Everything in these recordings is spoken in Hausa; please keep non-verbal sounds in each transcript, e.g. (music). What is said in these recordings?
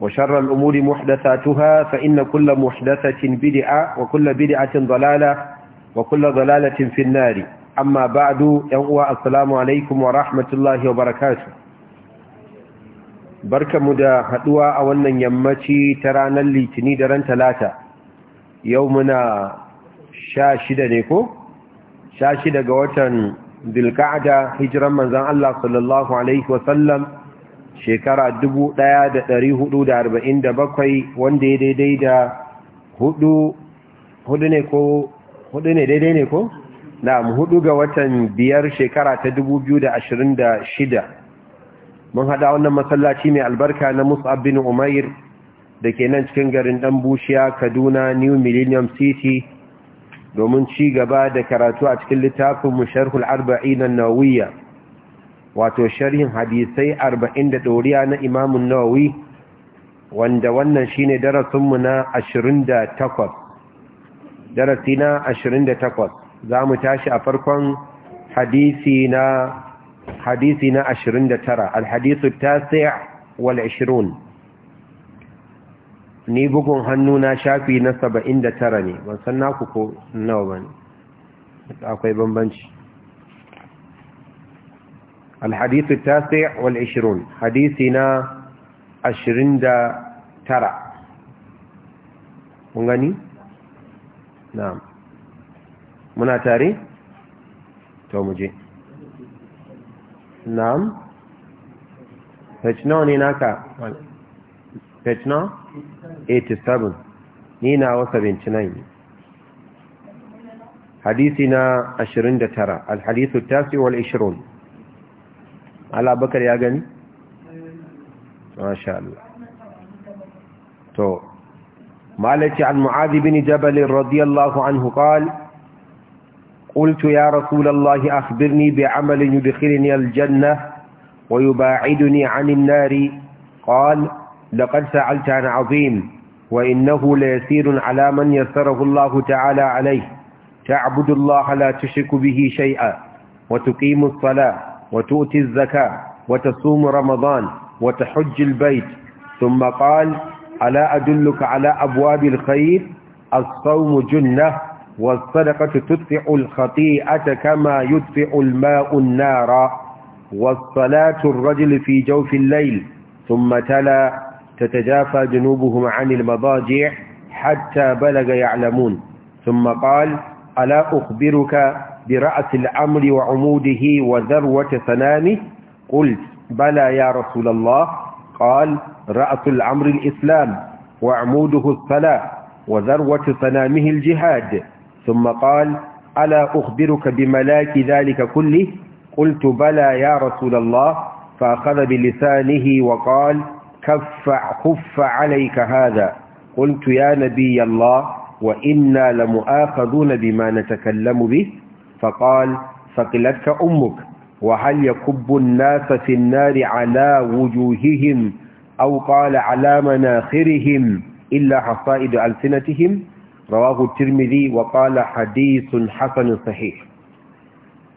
وشر الأمور محدثاتها فإن كل محدثة بدعة وكل بدعة ضلالة وكل ضلالة في النار أما بعد يوء السلام عليكم ورحمة الله وبركاته بركة مدى هدوى أولا يمتي ترانا اللي تنيدرا ثلاثة يومنا شاشدة نيكو شاشدة قوة ذي القعدة هجرا من ذا الله صلى الله عليه وسلم shekara 1447 wanda ya daidai da hudu hudu ne ko hudu ne daidai ne ko na'am hudu ga watan biyar shekara ta 2026 mun haɗa wannan masallaci mai albarka na Mus'ab bin Umair da ke nan cikin garin ɗan Bushiya Kaduna New Millennium City domin ci gaba da karatu a cikin littafin Musharhul Arba'in an-Nawawiyya wato sharhin hadisai arba'in da ɗoriya na imamun nawawi wanda wannan shine darasinmu na ashirin da takwas darasi na ashirin da takwas za mu tashi a farkon hadisi na hadisi na ashirin da tara alhadisu tasi wal ashirin ni bugun hannu na shafi na saba'in da tara ne ban san naku ko nawa ba ne akwai bambanci الحديث التاسع والعشرون حديثنا عشرين دا ترى مغني نعم منا تاري تومجي نعم فجنا نيناكا ايت 87 نينا وسبين تنين حديثنا عشرين دا ترى الحديث التاسع والعشرون alabakar ya gani? masha Allah to malaci an mu'adhi bin jabal radiyallahu anhu qala قلت يا رسول الله أخبرني بعمل يدخلني الجنة ويباعدني عن النار قال لقد سألت عن عظيم وإنه ليسير على من يسره الله تعالى عليه تعبد الله لا تشرك به شيئا وتقيم الصلاة وتؤتي الزكاة وتصوم رمضان وتحج البيت ثم قال ألا أدلك على أبواب الخير الصوم جنة والصدقة تدفع الخطيئة كما يدفع الماء النار والصلاة الرجل في جوف الليل ثم تلا تتجافى جنوبهم عن المضاجع حتى بلغ يعلمون ثم قال ألا أخبرك برأس الأمر وعموده وذروة سنامه قلت بلى يا رسول الله قال رأس الأمر الإسلام وعموده الصلاة وذروة سنامه الجهاد ثم قال ألا أخبرك بملاك ذلك كله قلت بلى يا رسول الله فأخذ بلسانه وقال كف خف عليك هذا قلت يا نبي الله وإنا لمؤاخذون بما نتكلم به فقال ثقلتك أمك وهل يكب الناس في النار على وجوههم أو قال على مناخرهم إلا حصائد ألسنتهم رواه الترمذي وقال حديث حسن صحيح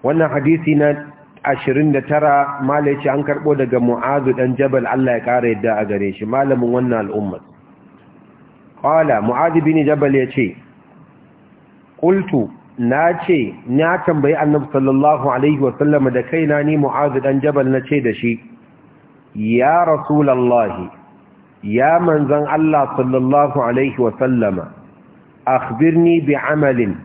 وانا حديثنا ashirin da tara malaci an karɓo daga mu'azu dan jabal Allah ya ƙara yadda a gare shi malamin wannan al'ummar ƙwala mu'azu bin jabal ya ce ƙultu na ce na tambayi annabi sallallahu alaihi wasallam da kaina ni mu'azu dan jabal na ce da shi ya rasulallahi ya manzan Allah sallallahu alaihi wasallam akhbirni bi amalin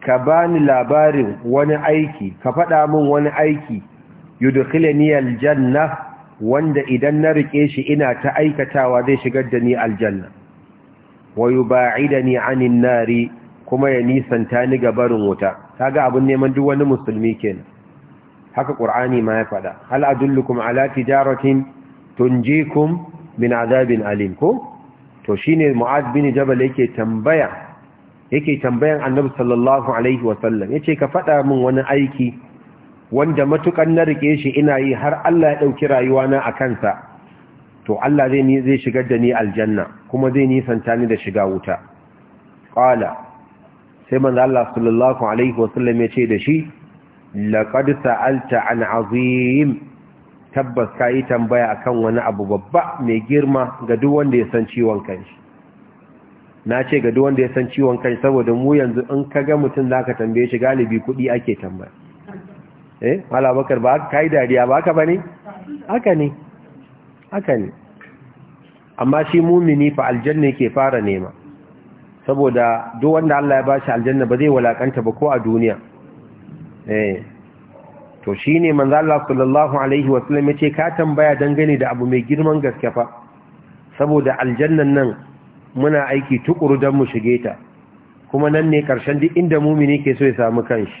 ka bani labarin wani aiki ka faɗa min wani aiki yudkhilani aljanna wanda idan na rike shi ina ta aikatawa zai shigar da ni aljanna wa yuba'idani anin nari kuma ya nisanta ni ga barin wuta kaga abin neman duk wani musulmi kenan haka qur'ani ma ya fada hal adullukum ala tijaratin tunjikum min azabin alim ko to shine mu'ad bin jabal yake tambaya yake tambayan annabi sallallahu alaihi wasallam yace ka fada min wani aiki wanda matukan na rike shi ina yi har Allah ya dauki rayuwana a kansa to Allah zai ni zai shigar da ni aljanna kuma zai nisanta ni da shiga wuta qala sai manzo Allah sallallahu alaihi wasallam ya ce da shi laqad sa'alta an azim tabbas kai tambaya akan wani abu babba mai girma ga duk wanda ya san ciwon kanshi na ce ga duk wanda ya san ciwon kanshi saboda mu yanzu in kaga mutum zaka tambaye shi galibi kudi ake tambaya eh mala bakar ba kai dariya ba ka bane haka ne haka ne amma shi mumini fa aljanna yake fara nema saboda duk wanda Allah ya bashi aljanna ba zai walakanta ba ko a duniya eh to shine manzo Allah sallallahu alaihi wasallam yace ka tambaya dangane da abu mai girman gaske fa saboda aljannan nan muna aiki tukuru dan mu shige ta kuma nan ne karshen duk inda mumini ke so ya samu kanshi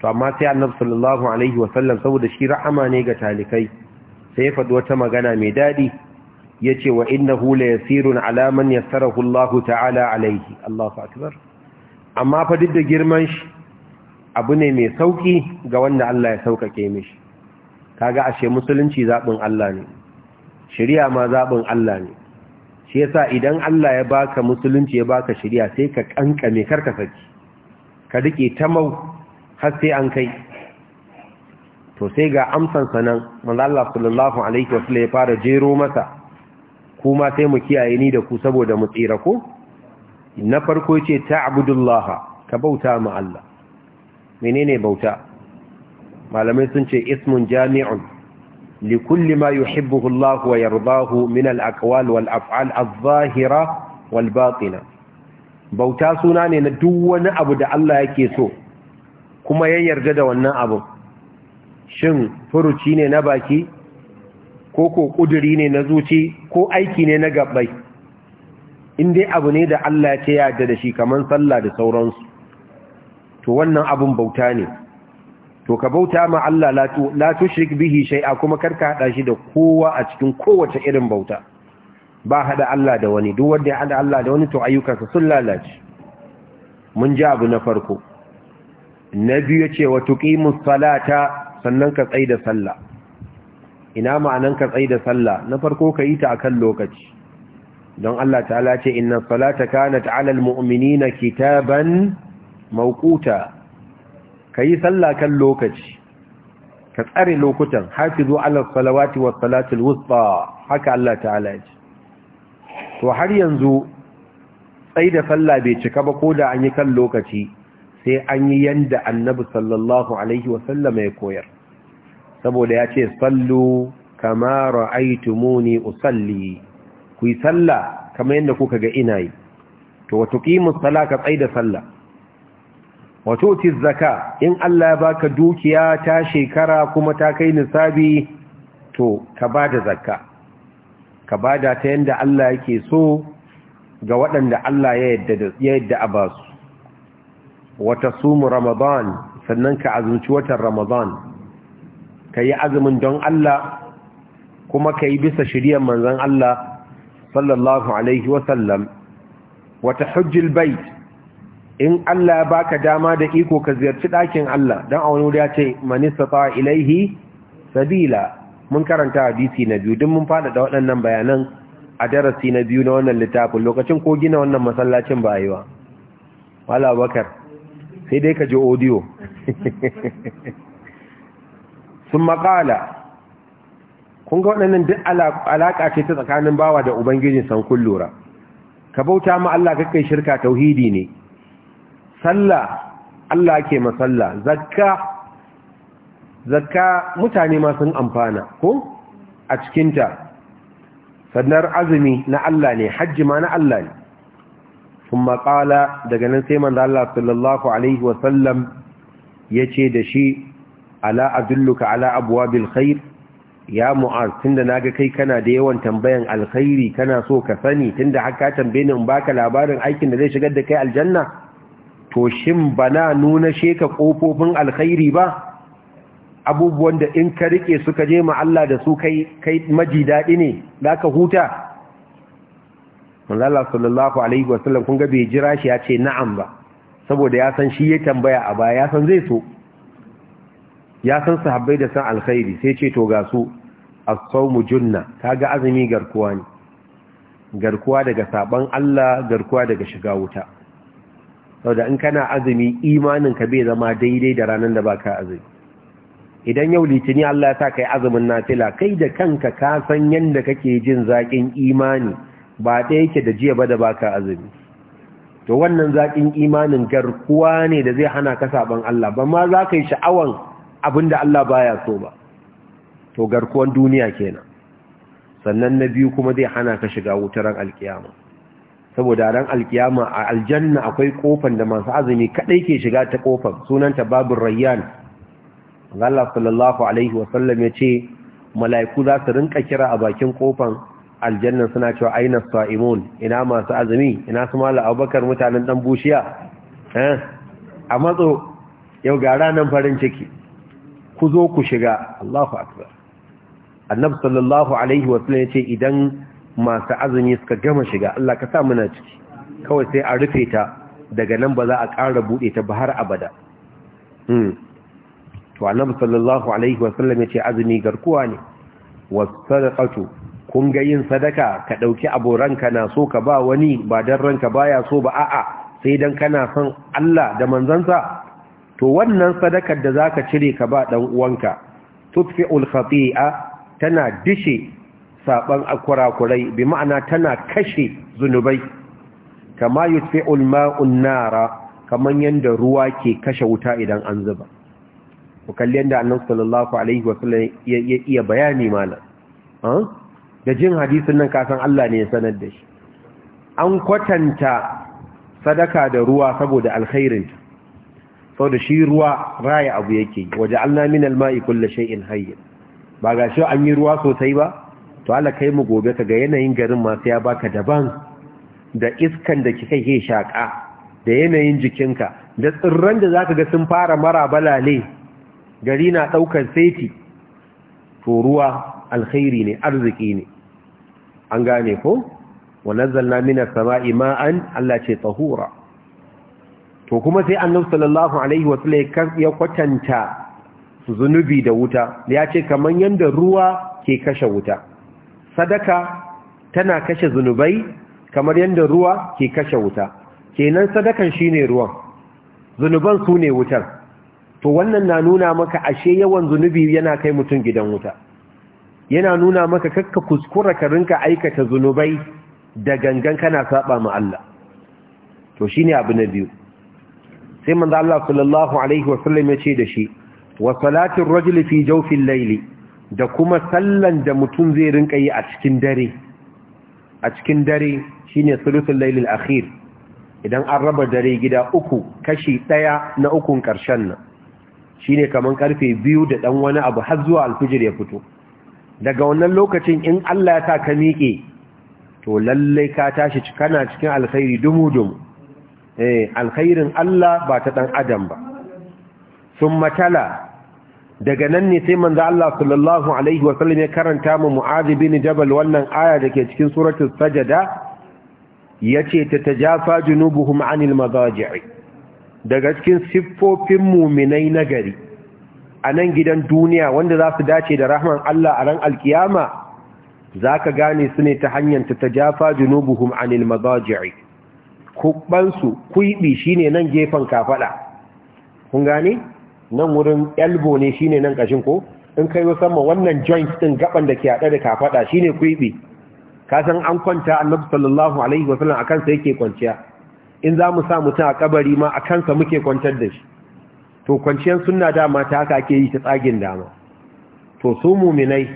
to amma sai annabi sallallahu alaihi wasallam saboda shi rahama ne ga talikai sai ya faɗi wata magana mai dadi yace wa hula ya yasirun na man yassarahu Allah ta'ala alayhi Allahu akbar amma fa duk da girman shi abu ne mai sauki ga wanda Allah ya saukake mishi kaga ashe musulunci zaɓin Allah ne Shirya ma zaɓin Allah ne shi yasa idan Allah ya baka musulunci ya baka shirya sai ka kankame karka saki ka ta tamau har sai an kai to sai ga amsan sanan manzo Allah sallallahu alaihi wasallam ya fara jero masa ku ma sai mu kiyaye ni da ku saboda mu tsira ku? na farko ce ta'budullaha ka bauta ma Allah menene bauta malamai sun ce ismun jami'un li kulli ma yuhibbuhu Allah wa yardahu min al-aqwal wal af'al adh-dhahira wal batina bauta suna ne na duk wani abu da Allah yake so kuma ya yarda da wannan abu shin furuci ne na baki ko ko kuduri ne na zuci ko aiki ne na gabbai in dai abu ne da Allah ya ce yarda da shi kaman sallah da sauransu to wannan abun bauta ne to ka bauta ma Allah la tushrik bihi shay'a kuma karka hada shi da kowa a cikin kowace irin bauta ba hada Allah da wani duk wanda ya hada Allah da wani to ayyukansa sun lalace mun ji abu na farko na biyu yace wa tuqimus salata sannan ka da sallah ina ma'anan ka tsaye da sallah na farko ka yi ta akan lokaci don Allah ta'ala ce inna salata kanat 'ala al na kitaban ka yi sallah kan lokaci ka tsare lokutan hafizu 'ala salawati was salati al haka Allah ta'ala ce to har yanzu tsaye da sallah bai cika ba da an yi kan lokaci sai an yi yanda annabi sallallahu alaihi wasallam ya koyar saboda ya ce sallu kama ra'aytumuni usalli ku yi sallah kamar yadda kuka ga ina yi to wato qimus sala ka tsaida sallah wato ti zakka in Allah ya baka dukiya ta shekara kuma ta kai nisabi to ka bada zakka ka bada ta yadda Allah yake so ga waɗanda Allah ya yadda ya yadda a basu wata sumu ramadan sannan ka azunci watan ramadan ka yi azumin don Allah kuma ka yi bisa shiriyar manzan Allah sallallahu Alaihi wasallam wata hujjil bai, in Allah ya baka dama da iko ka ziyarci ɗakin Allah don a wani wuri ya ce manistata ilaihi sabila mun karanta hadisi na biyu don mun faɗaɗa waɗannan bayanan a darasi na biyu na wannan littafin lokacin ko gina wannan masallacin ba yi wala bakar sai dai ka ji audio (laughs) sun maƙala kun ga waɗannan duk alaƙa ce ta tsakanin bawa da ubangijin san lura ka bauta ma Allah kai shirka tauhidi ne sallah Allah ke masalla zakka zakka mutane ma sun amfana ko a cikinta sannar azumi na Allah ne hajji ma na Allah ne sun maƙala daga nan sai manzo Allah sallallahu alaihi wasallam ya ce da shi ala adulluka ala abwabil khair ya mu'az tunda naga kai kana da yawan tambayan alkhairi kana so ka sani tunda haka tambaye ni in baka labarin aikin da zai shigar da kai aljanna to shin bana nuna sheka kofofin alkhairi ba abubuwan da in ka rike suka je ma Allah da su kai kai maji dadi ne zaka huta Allah sallallahu alaihi wasallam kun ga bai jira shi ya ce na'am ba saboda ya san shi ya tambaya a baya ya san zai so ya san sahabbai da san alkhairi sai ce to ga su as-sawmu junna kaga azumi garkuwa ne garkuwa daga saban Allah garkuwa daga shiga wuta saboda in kana azumi imanin ka bai zama daidai da ranar da baka azumi idan yau litini Allah ya sa kai azumin nafila kai da kanka ka san yanda kake jin zakin imani ba ɗaya yake da jiya ba da baka azumi to wannan zakin imanin garkuwa ne da zai hana ka saban Allah ba ma za ka yi sha'awan da Allah baya so ba to garkuwan duniya kenan sannan na biyu kuma zai hana ka shiga wutaren alkiyama saboda ran alkiyama a aljanna akwai kofan da masu azumi kadai ke shiga ta kofan sunanta babur rayyan Allah sallallahu alaihi wasallam ya ce mala'iku za su rinka kira a bakin kofan aljanna suna cewa aina sa'imun ina masu azumi ina su mala abubakar mutanen dan bushiya eh a matso yau ga ranar farin ciki ku zo ku shiga Allahu akbar annabi sallallahu alaihi wa sallam yace idan masu azumi suka gama shiga Allah ka sa muna ciki kawai sai a rufe ta daga nan ba za a ƙara bude ta ba har abada hmm to annabi sallallahu alaihi wa sallam yace azumi garkuwa ne sadaqatu kun ga yin sadaka ka dauki aboranka na so ka ba wani ba dan ranka baya so ba a'a sai dan kana son Allah da manzansa to wannan sadakar da zaka cire ka ba dan uwanka tudfi'ul khati'a tana dishe saban akurakurai bi ma'ana tana kashe zunubai kama yudfi'ul ma'un nara kaman yanda ruwa ke kashe wuta idan an zuba ku kalli yanda annabi sallallahu alaihi sallam ya iya bayani malam da jin hadisin nan ka san Allah ne ya sanar da shi an kwatanta sadaka da ruwa saboda alkhairinta sau da shi ruwa raya abu yake waje allah min ma'i kulle shay'in hayy ba ga shi an yi ruwa sosai ba to Allah kai mu gobe ka ga yanayin garin masu sai ya baka daban da iskan da kika ke shaka da yanayin jikinka da tsirran da zaka ga sun fara mara balale gari na ɗaukar saiti to ruwa alkhairi ne arziki ne an gane ko wa nazzalna minas sama'i ma'an Allah ce tsahura. to kuma sai annabi sallallahu alaihi wasallam ya kwatanta zunubi da wuta ya ce kamar yadda ruwa ke kashe wuta sadaka tana kashe zunubai kamar yadda ruwa ke kashe wuta kenan sadakan shine ruwan zunuban su ne wutar to wannan na nuna maka ashe yawan zunubi yana kai mutum gidan wuta yana nuna maka kakka kuskura ka rinka aikata zunubai da gangan kana saba ma Allah to shine abu na biyu sai manzo Allah sallallahu alaihi wasallam ya ce da shi wa salatin rajuli fi jawfil layli da kuma sallan da mutum zai rinka yi a cikin dare a cikin dare shine thuluthul layl akhir idan an raba dare gida uku kashi daya na ukun karshen nan shine kaman karfe biyu da dan wani abu har zuwa alfijir ya fito daga wannan lokacin in Allah ya sa ka miƙe to lallai ka tashi kana cikin alkhairi dumu dumu eh alkhairin Allah ba ta ɗan adam ba summa daga nan ne sai manzo Allah sallallahu alaihi wa sallam ya karanta mu Mu'adh bin Jabal wannan aya dake cikin suratul Sajda yace tatajafa junubuhum anil madaji'i daga cikin siffofin mu'minai nagari a nan gidan duniya wanda za su dace da rahman Allah a ran alkiyama zaka gane su ne ta hanyar tatajafa junubuhum anil madaji'i kubansu kuibi shine nan gefen kafaɗa. kun gani nan wurin elbow ne shine nan ƙashin ko in kai musamman wannan joint ɗin gaɓan da ke hada da shi shine kuibi kasan an kwanta annabi sallallahu alaihi wasallam akan sa yake kwanciya in za mu sa mutum a kabari ma a kansa muke kwantar da shi to kwanciyar sunna dama ta haka ake yi ta tsagin dama to su muminai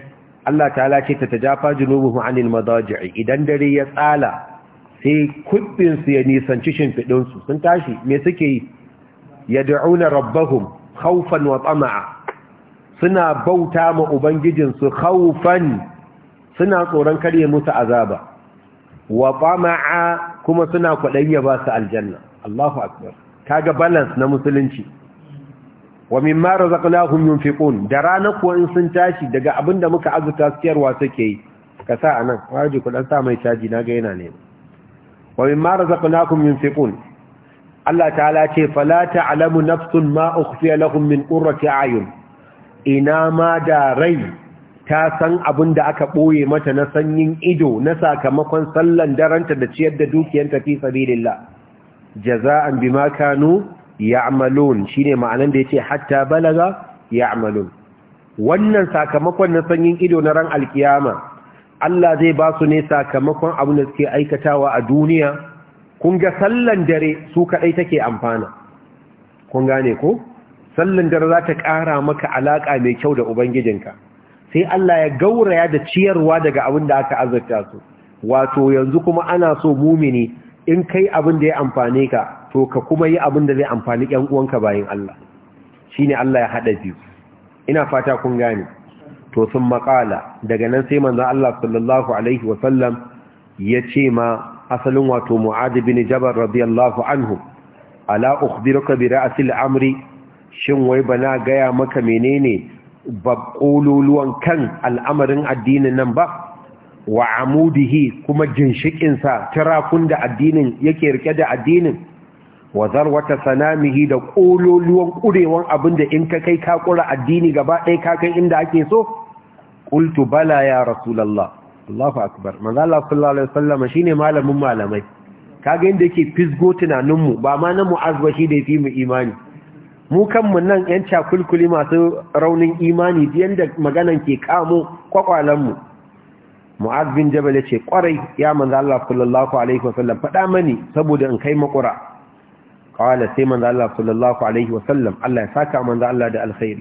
Allah ta ce ta tajafa junubuhum anil madaji'i idan dare ya tsala sai kubbinsu ya nisanci shimfiɗinsu sun tashi mai suke yi ya da'una rabbahun haufan wa tsama'a suna bauta ma ubangijinsu haufan suna tsoron karye musu azaba wa tsama'a kuma suna kwaɗanya ba su aljanna Allahu akbar kaga balance na musulunci wa mimma razaqnahum yunfiqun da rana kuwa in sun tashi daga abinda muka azuta siyarwa suke yi ka sa anan waje kuɗin sa mai caji na ga yana nema. wa mimma razaqnakum yunfiqun Allah ta'ala ce fala alamu nafsun ma ukhfiya lahum min qurrati a'yun ina ma da rai ta san abin da aka ɓoye mata na sanyin ido na sakamakon sallan daranta da ciyar da dukiyanta fi sabilillah jaza'an bima kanu ya'malun shine ma'anan da yace hatta balaga ya'malun wannan sakamakon na sanyin ido na ran alkiyama Allah zai ba su ne sakamakon abin da suke aikatawa a duniya kun ga sallan dare su kaɗai take amfana kun gane ko sallan dare za ta ƙara maka alaƙa mai kyau da ubangijinka sai Allah ya gauraya da ciyarwa daga abin da aka azurta su wato yanzu kuma ana so mumini in kai abin da ya amfane ka to ka kuma yi abin da zai amfani ƴan uwanka Allah, Allah ne Allah ya haɗa biyu ina fata kun gane to sun makala daga nan sai manzan Allah sallallahu Alaihi wasallam ya ce ma asalin wato mu'adu bin jabar radiyallahu anhu ala ukhbiruka bi ra'sil amri shin wai bana gaya maka menene babkololuwan kan al'amarin addinin nan ba wa amudihi kuma ginshikin sa tarafun da addinin yake rike da addinin wa zarwata sanamihi da kololuwan kurewan abin da in ka kai ka kura addini gaba ɗaya ka kai inda ake so qultu bala ya rasulullah Allahu akbar manzo Allah sallallahu alaihi wasallam shine malamin malamai kaga inda yake fisgo tunanin mu ba ma na mu'az ba shi da yafi mu imani mu kanmu nan yan cakulkuli masu raunin imani yanda maganan ke kamo kwakwalan mu mu'az bin jabal yace kwarai ya manzo Allah sallallahu alaihi wasallam fada mani saboda in kai makura qala sai manzo Allah sallallahu alaihi wasallam Allah ya saka manzo Allah da alkhairi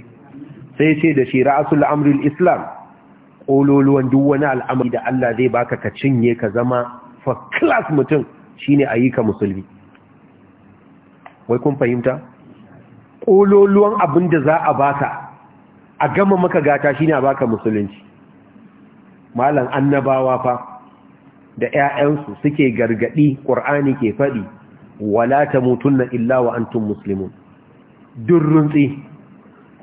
sai yace da shi ra'asul amril islam ƙololuwan duk wani al'amari da Allah zai baka ka cinye ka zama for class mutum shine a yi ka musulmi wai kun fahimta ƙololuwan abin da za a baka a gama maka gata shi ne a baka musulunci malam annabawa fa da 'ya'yansu suke gargaɗi ƙur'ani ke faɗi wala ta na illa wa tun musulmi. duk runtsi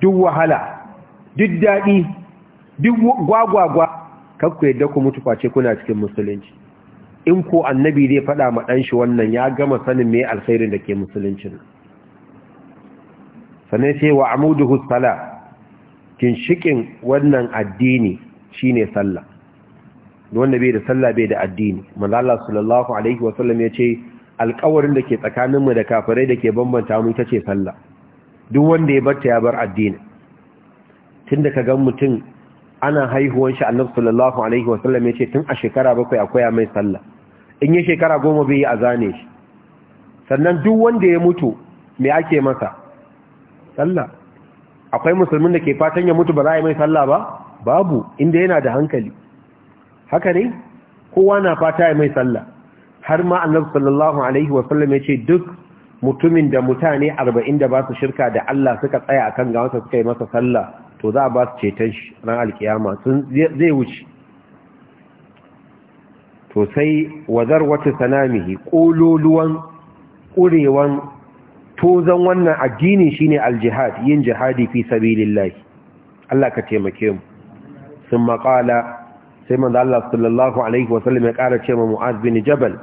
duk wahala duk daɗi duk gwagwagwa kakku yadda ku mutu face kuna cikin musulunci in ko annabi zai faɗa ma ɗanshi wannan ya gama sanin mai alkhairin da ke musuluncin sannan sai wa amuduhu sala kinshikin wannan addini shine sallah wanda bai da sallah bai da addini manzo sallallahu alaihi wa sallam ce, alkawarin da ke tsakaninmu da kafirai da ke bambanta mu ita ce sallah duk wanda ya barta ya bar addini tunda ka ga mutum ana haihuwan shi annabi sallallahu alaihi wasallam ya ce tun a shekara bakwai akwai a mai sallah in ya shekara goma bai yi a zane shi sannan duk wanda ya mutu me ake masa sallah akwai musulmin da ke fatan ya mutu ba za a yi mai sallah ba babu inda yana da hankali haka ne kowa na fata ya mai sallah har ma annabi sallallahu alaihi wasallam ya ce duk mutumin da mutane arba'in da ba su shirka da Allah suka tsaya akan ga wasu suka yi masa sallah to za a ba su ceton shi ran alkiyama sun zai wuce to sai wazar wata sanamihi ƙololuwan ƙurewan tozon wannan addini shine aljihad yin jihadi fi sabilillahi Allah ka taimake mu sun maƙala sai manzo Allah sallallahu alaihi wasallam ya ƙara ce ma Mu'az bin Jabal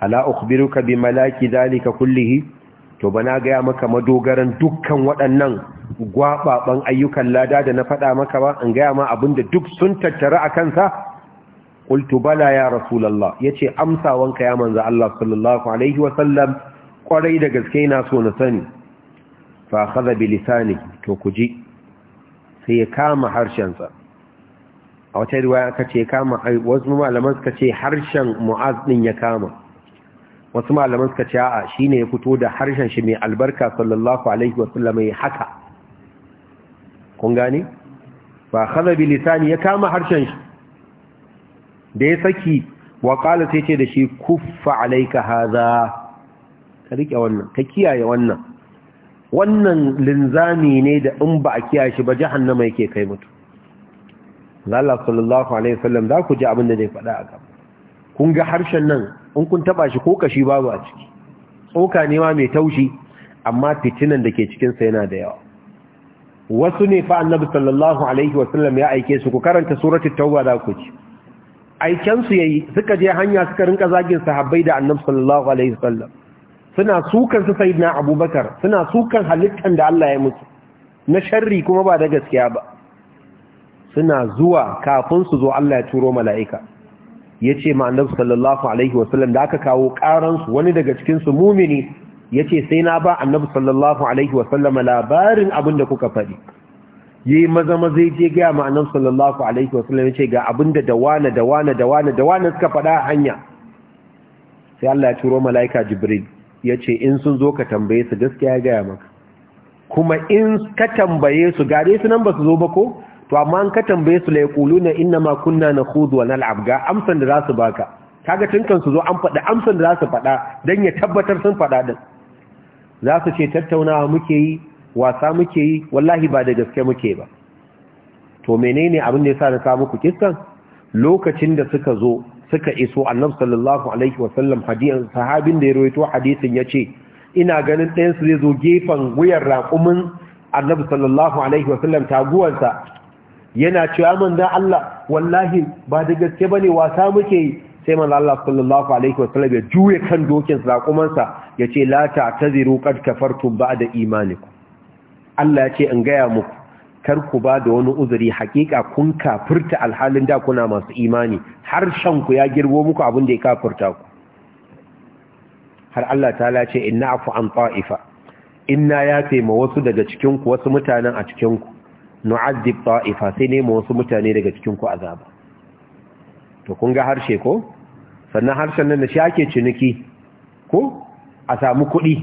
ala ukhbiruka bi malaki zalika kullihi to ba na gaya maka madogaran dukkan waɗannan gwababan ayyukan lada da na faɗa maka ba in gaya ma abinda duk sun tattara a kansa qultu bala ya rasulullah yace amsawanka ya manza. Allah sallallahu alaihi wa sallam da gaske na so na sani fa akhadha bi lisani to kuji sai ya kama harshensa a wata riwaya kace kama wasu malaman suka ce harshen mu'az din ya kama wasu malaman suka ce a'a ne ya fito da harshen shi mai albarka sallallahu alaihi wasallam ya haka kun gane Ba khadha bi lisani ya kama harshen shi da ya saki wa qala sai ce da shi kuffa alayka hadha ka rike wannan ka kiyaye wannan wannan linzami ne da in ba a kiyaye shi ba jahannama yake kai mutu Allah sallallahu alaihi wasallam za ku ji abin da zai faɗa a gaba kun ga harshen nan in kun taba shi ko kashi babu a ciki tsoka ne ma mai taushi amma fitinan da ke cikin sa yana da yawa wasu ne fa annabi sallallahu alaihi wasallam ya aike su ku karanta suratul tauba da ku ci aiken su yayi suka je hanya suka rinka zagin sahabbai da annabi sallallahu alaihi wasallam suna sukan su sayyidina abubakar suna sukan halittan da Allah ya mutu na sharri kuma ba da gaskiya ba suna zuwa kafin su zo Allah ya turo mala'ika ya ce ma annabi sallallahu alaihi wasallam da aka kawo su wani daga cikinsu mumini ya ce sai na ba annabi sallallahu alaihi wasallama labarin abin da kuka faɗi ya yi maza maza ya je gaya ma annabi sallallahu alaihi sallam ya ce ga abin da dawana dawana dawana dawana suka faɗa a hanya sai Allah ya turo mala'ika jibril ya ce in sun zo ka tambaye su gaskiya ya gaya maka kuma in ka tambaye su gare su nan ba su zo ba ko to amma an ka tambaye su la yaquluna inna ma kunna huzu wa nal'ab ga amsan da zasu baka kaga tunkan su zo an faɗa amsan da zasu faɗa dan ya tabbatar sun faɗa din zasu ce tattaunawa muke yi wasa muke yi wallahi ba da gaske muke ba to menene abin da yasa na samu muku kiskan lokacin da suka zo suka iso annabi sallallahu alaihi wasallam hadiyan sahabin da ya rawaito hadisin yace ina ganin ɗayan su zai zo gefen wuyar raƙumin annabi sallallahu alaihi wasallam taguwansa. yana cewa man dan Allah wallahi ba da gaske bane wasa muke yi sai man Allah sallallahu alaihi wa sallam ya juye kan dokin sakumansa yace la taziru qad kafartu ba'da imanikum Allah yace in gaya muku kar ku ba da wani uzuri hakika kun kafirta alhalin da kuna masu imani shan ku ya girbo muku abin da ya kafirta ku har Allah ta ce inna afu an ta'ifa inna ya taima wasu daga cikin ku wasu mutanen a cikin ku nu'azzib ta'ifa sai ne wasu mutane daga cikin ku azaba to kun ga harshe ko sannan harshen nan da shi ake ciniki ko a samu kuɗi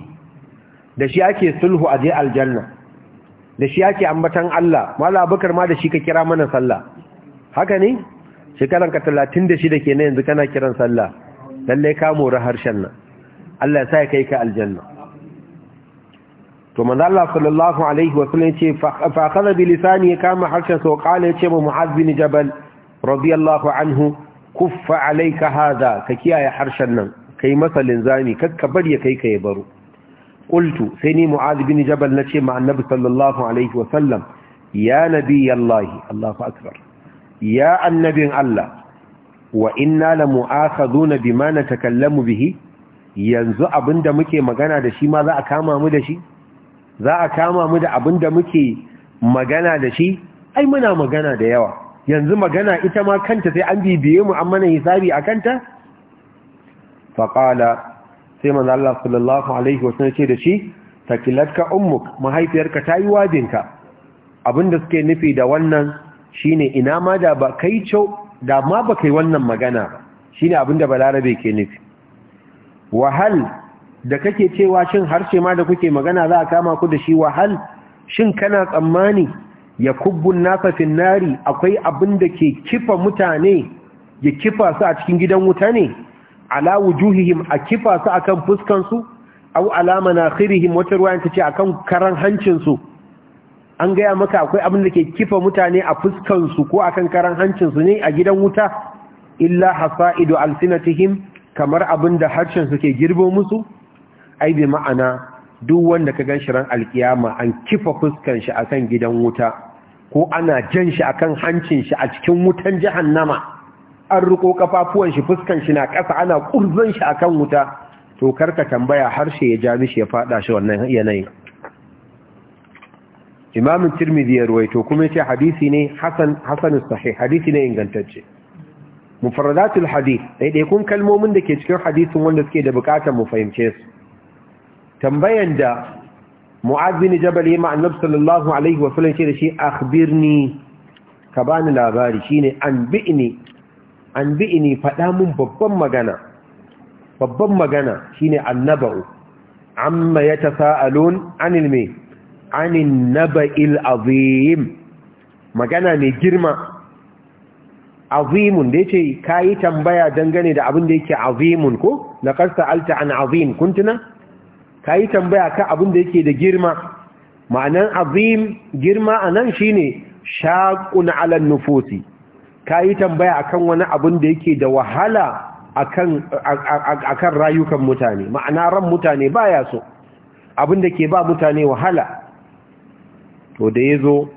da shi ake sulhu a je aljanna da shi ake ambatan Allah mala Abubakar ma da shi ka kira mana sallah haka ne shida 36 kenan yanzu kana kiran sallah lalle ka mora harshen nan Allah ya sa kai ka aljanna to manzo Allah sallallahu alaihi wa sallam yace fa akhadha bi lisani kama harshen sa qala yace mu mu'adh bin jabal radiyallahu anhu kuffa alayka hada ka kiyaye harshen nan kai masa linzami kakka bari ya kai ka ya baro qultu sai ni mu'adh bin jabal nace ma annabi sallallahu alaihi wa sallam ya nabiy Allah Allahu akbar ya annabin Allah wa inna la mu'akhaduna bima natakallamu bihi yanzu abinda muke magana da shi ma za a kama mu da shi za a kama mu da abin da muke magana da shi ai muna magana da yawa yanzu magana ita ma kanta sai an bibiye mu an mana hisabi a kanta faƙala sai manzo Allah sallallahu alaihi wasu ce da shi takilatka ummuk mahaifiyarka ta yi wajinka da suke nufi da wannan shi ne ina ma da ba kai cau da ma ba kai wannan magana shine abinda balarabe ke nufi wahal da kake cewa shin harshe ma da kuke magana za a kama ku da shi wahal shin kana tsammani ya kubbun nafafin finnari akwai abin da ke kifa mutane ya kifa su a cikin gidan wuta ne ala wujuhihim a kifa su akan fuskansu au ala manakhirihim wata ruwayan tace akan karan hancin an gaya maka akwai abin da ke kifa mutane a fuskansu ko akan karan hancin su ne a gidan wuta illa hasaidu alsinatihim kamar abin da harshen su ke girbo musu ai bi ma'ana duk wanda ka ganshi ran alkiyama an kifa fuskan shi akan gidan wuta ko ana jan shi akan hancin shi a cikin wutan jahannama an riko kafafuwan shi fuskan shi na ƙasa ana kurzon shi akan wuta to karka tambaya harshe ya ja mishi ya fada shi wannan yanayin Imam Tirmidhi ya ruwaito kuma yace hadisi ne hasan hasan sahih hadisi ne ingantacce mufradatul hadith dai dai kun kalmomin da ke cikin hadisin wanda suke da bukatar mu fahimce su tambayan da mu'az jabal yi ma sallallahu alaihi wa sallam ce da shi akhbirni ka bani labari shine anbi'ni anbi'ni faɗa mun babban magana babban magana shine annaba'u amma yatasaalun anil me anin naba'il azim magana mai girma azimun da yace yi tambaya dangane da abin da yake azimun ko laqad sa'alta an azim kuntuna ka yi tambaya ka abin da yake da girma ma'anan azim girma a nan shi ne shaƙun alan nufosi ka yi tambaya a kan wani abin da yake da wahala a kan rayukan mutane ma'ana ran mutane ba ya so abin da ke ba mutane wahala to da ya zo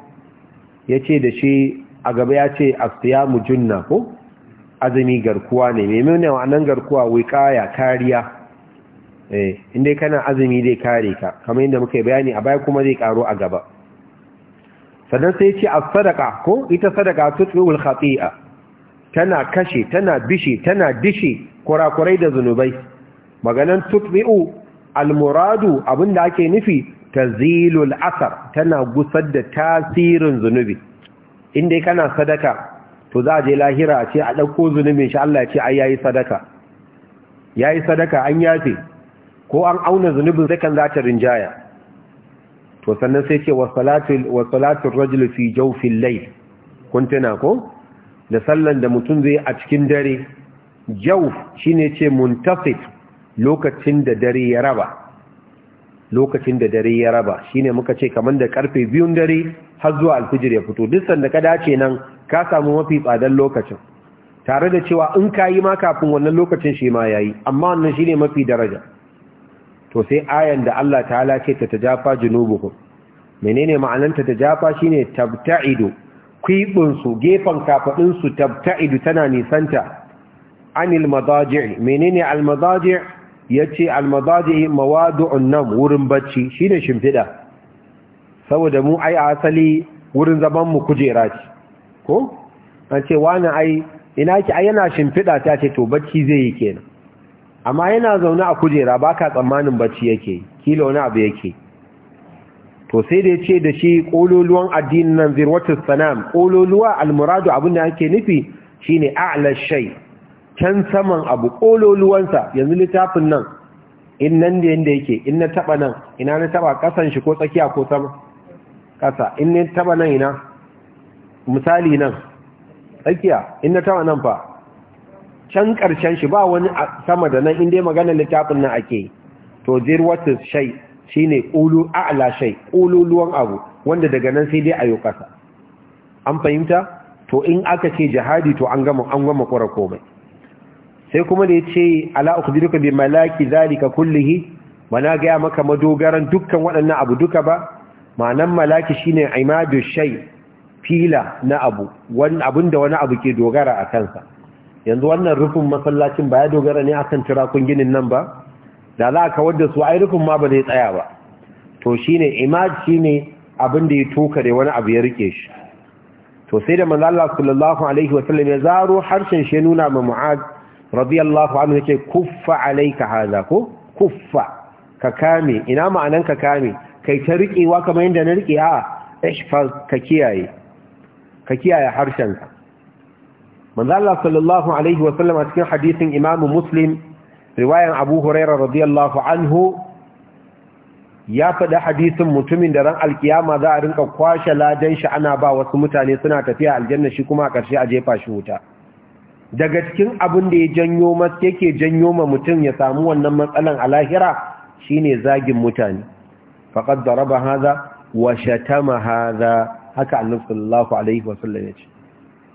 ya ce da shi a gaba ya ce a siya mu junna ko azumi garkuwa ne mai ma'anan wa nan garkuwa wikaya kariya eh inda kana azumi zai kare ka kamar yadda muka bayani a baya kuma zai karo a gaba sannan sai ce a sadaka ko ita sadaqa tutfi'ul khati'a tana kashe tana bishi tana dishe kurakurai da zunubai maganan tutbi'u al-muradu abinda ake nufi tazilul asar tana gusar da tasirin zunubi inda kana sadaka to za a je lahira a ce a ɗauko zunubin shi Allah ya ce ai yayi sadaka yayi sadaka an yafe ko an auna zunubin sakan kan za ta rinjaya to sannan sai ce wa salatul rajul fi jawfil layl kun tana ko da sallan da mutum zai a cikin dare jawf shine ce muntafit lokacin da dare ya raba lokacin da dare ya raba shine muka ce kaman da karfe biyun dare har zuwa alfijir ya fito duk sanda ka dace nan ka samu mafi tsadan lokacin tare da cewa in kayi ma kafin wannan lokacin shi ma yayi amma wannan shine mafi daraja to sai ayan da Allah ta'ala ce ta tajafa junubuhum menene ta tajafa shine tabta'idu kwibin su gefan kafadin su tabta'idu tana nisanta anil madaji' menene al madaji' yace al madaji' mawadu'un nam wurin bacci shine shimfida saboda mu ai asali wurin zaman mu kujera ce ko an ce wani ai ina ki ai yana shimfida ta ce to bacci zai yi kenan amma yana zaune a kujera baka tsammanin bacci yake kila wani abu yake to sai da ce da shi ƙololuwan addinin nan zirwatar sanam Ƙololuwa almuradu abin da ake nufi shine ne a'lashai can saman abu ƙololuwansa. yanzu littafin nan in nan da yadda yake in na taba nan ina na taba kasan shi ko tsakiya ko sama kasa in na taba nan ina misali nan tsakiya in na taba nan fa can ƙarshen shi ba wani sama da nan inda magana littafin nan ake to zirwatu shay shine qulu a'la shay abu wanda daga nan sai dai ayo kasa an fahimta to in aka ce jihadi to an gama an gama kura komai sai kuma da yace ala ukhbiruka bi malaki zalika kullihi mana gaya maka madogaran dukkan waɗannan abu duka ba ma'anan malaki shine aimadu shai fila na abu wani abin da wani abu ke dogara a kansa yanzu wannan rufin masallacin ba ya dogara ne akan turakun ginin nan ba da za ka wadda su ai rufin ma ba zai tsaya ba to shine imaj shine abin da ya toka da wani abu ya rike shi to sai da manzo Allah sallallahu alaihi wa sallam ya zaro harshen shi nuna ma Mu'ad radiyallahu anhu yake kuffa alayka hada ko kuffa ka kame ina ma'anan ka kame kai ta rikewa kamar yanda na riƙe a ka kiyaye ka kiyaye harshenka manzo Allah sallallahu alaihi wa sallam a cikin hadisin Imam Muslim riwayan Abu Hurairah radiyallahu anhu ya faɗi hadisin mutumin da ran alkiyama za a rinka kwashe ladan shi ana ba wasu mutane suna tafiya aljanna shi kuma a ƙarshe a jefa shi wuta daga cikin abin da ya janyo mas yake janyo ma mutum ya samu wannan matsalan a lahira shine zagin mutane faqad daraba hadha wa shatama hadha haka annabi sallallahu alaihi ya ce.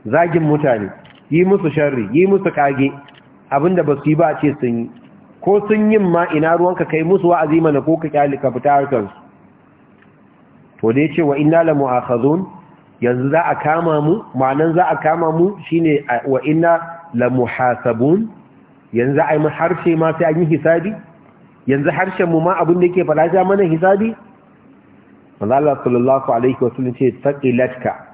zagin mutane yi musu sharri yi musu kage abinda ba su yi ba ce sun yi ko sun yin ma ina ruwanka kai musu wa'azi mana ko ka kyali ka fita harkar su to dai ce wa inna la mu'akhazun yanzu za a kama mu ma'anan za a kama mu shine wa inna la muhasabun yanzu ai mu harshe ma sai an yi hisabi yanzu harshen mu ma abin da yake fada ja mana hisabi Allah sallallahu alaihi wasallam ce taqilatka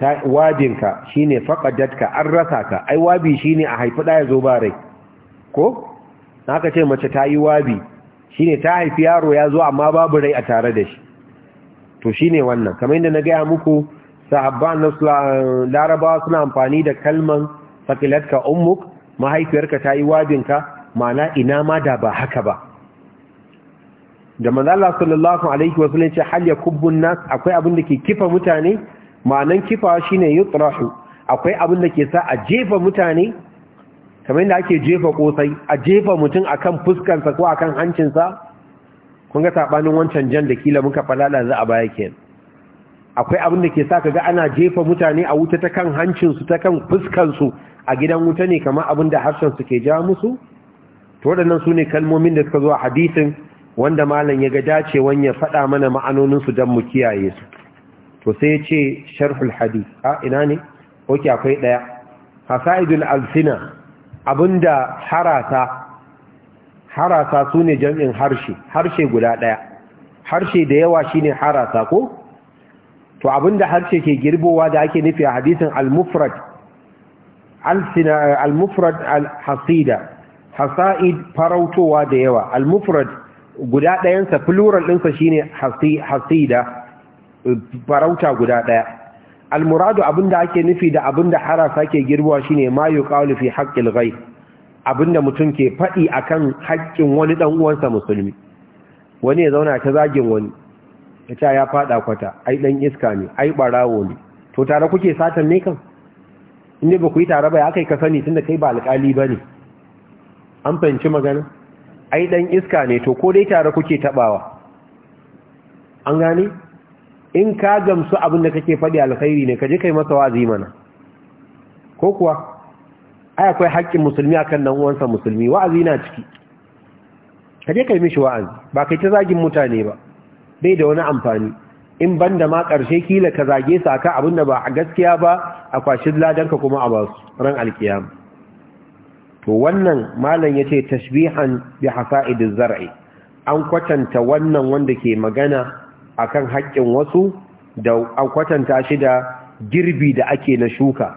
wabinka shine faqadatka an rasa ka ai wabi shine a haifi da yazo ba rai ko naka ce mace ta yi wabi shine ta haifi yaro yazo amma babu rai a tare da shi to shine wannan kamar yadda na gaya muku sahabban larabawa suna amfani da kalman faqilatka ummuk mahaifiyarka ta yi wabinka ma'ana ina ma da ba haka ba da manzo Allah sallallahu alaihi wasallam ce hal kubbun nas akwai abin da ke kifa mutane ma'anan kifawa shine yutrahu akwai abin da ke sa a jefa mutane kamar yadda ake jefa kosai a jefa mutum a kan fuskarsa ko a kan hancinsa kun ga sabanin wancan jan da kila muka falala za a baya kenan akwai abin da ke sa ka ga ana jefa mutane a wuta ta kan hancinsu ta kan fuskansu a gidan wuta ne kamar abin da harshensu ke ja musu to waɗannan su ne kalmomin da suka zo a hadisin wanda malam ya ga dacewan ya faɗa mana ma'anoninsu don mu kiyaye su to sai ce sharhul hadith a ina ne oke akwai daya hasaidul alsina abinda harata harata sune jam'in harshe harshe guda daya harshe da yawa shine harata ko to abinda harshe ke girbowa da ake nufi a hadisin al-mufrad al al-mufrad al-hasida hasaid farautowa da yawa al-mufrad guda ɗayansa plural ɗinsa shine hasida farauta guda ɗaya almuradu abinda ake nufi da abinda harasa ke girbuwa shine ma yuqalu fi haqqil ghaib abinda mutum ke faɗi akan haƙƙin wani ɗan uwansa musulmi wani ya zauna ta zagin wani ya ya faɗa kwata ai ɗan iska ne ai ɓarawo ne to tare kuke satan ne kan inda ba ku yi tare ba ya aka yi ka sani tun da kai ba alƙali ba ne an fahimci magana ai ɗan iska ne to ko dai tare kuke taɓawa an gane in ka gamsu abin da kake faɗi alkhairi ne ka je kai masa wazi mana ko kuwa ai akwai haƙƙin musulmi akan dan uwansa musulmi wa'azi na ciki ka je kai mishi wa'azi ba kai ta zagin mutane ba bai da wani amfani in banda ma ƙarshe kila ka zage su akan abin da ba a gaskiya ba a kwashi ladanka kuma a basu ran alkiyama to wannan malam yace tashbihan bi hasa'idiz zar'i an kwatanta wannan wanda ke magana akan haƙƙin wasu da kwatanta shi da girbi da ake na shuka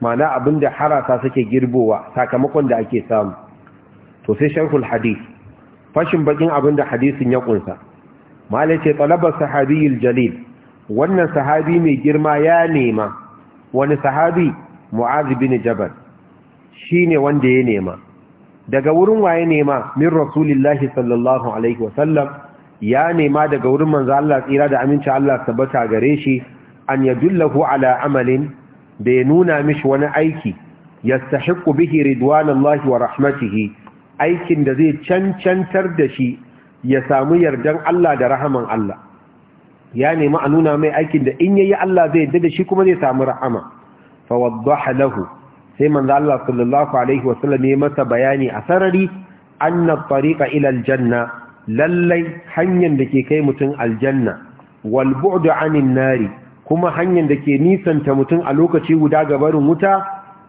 mana da harasa suke girbowa sakamakon da ake samu to sai sharhul hadith fashin bakin abinda hadisin ya kunsa malace talabar sahabiyul jalil wannan sahabi mai girma ya nema wani sahabi mu'az bin jabal shine wanda ya nema daga wurin waye nema min rasulillahi sallallahu alaihi wasallam ya nema daga wurin manzo Allah tsira da aminci Allah tabbata gare shi an yadullahu ala amalin da ya nuna mishi wani aiki yastahiqu bihi ridwanallahi wa rahmatihi aikin da zai cancantar da shi ya samu yardan Allah da rahaman Allah ya nemi a nuna mai aikin da in yayi Allah zai yadda da shi kuma zai samu rahama fa waddaha lahu sai manzo Allah sallallahu alaihi wasallam ya masa bayani a sarari anna tariqa ila aljanna lallai hanyar da ke kai mutum aljanna wal bu'du anin nari kuma hanyar da ke nisanta mutum a lokaci guda gabarin wuta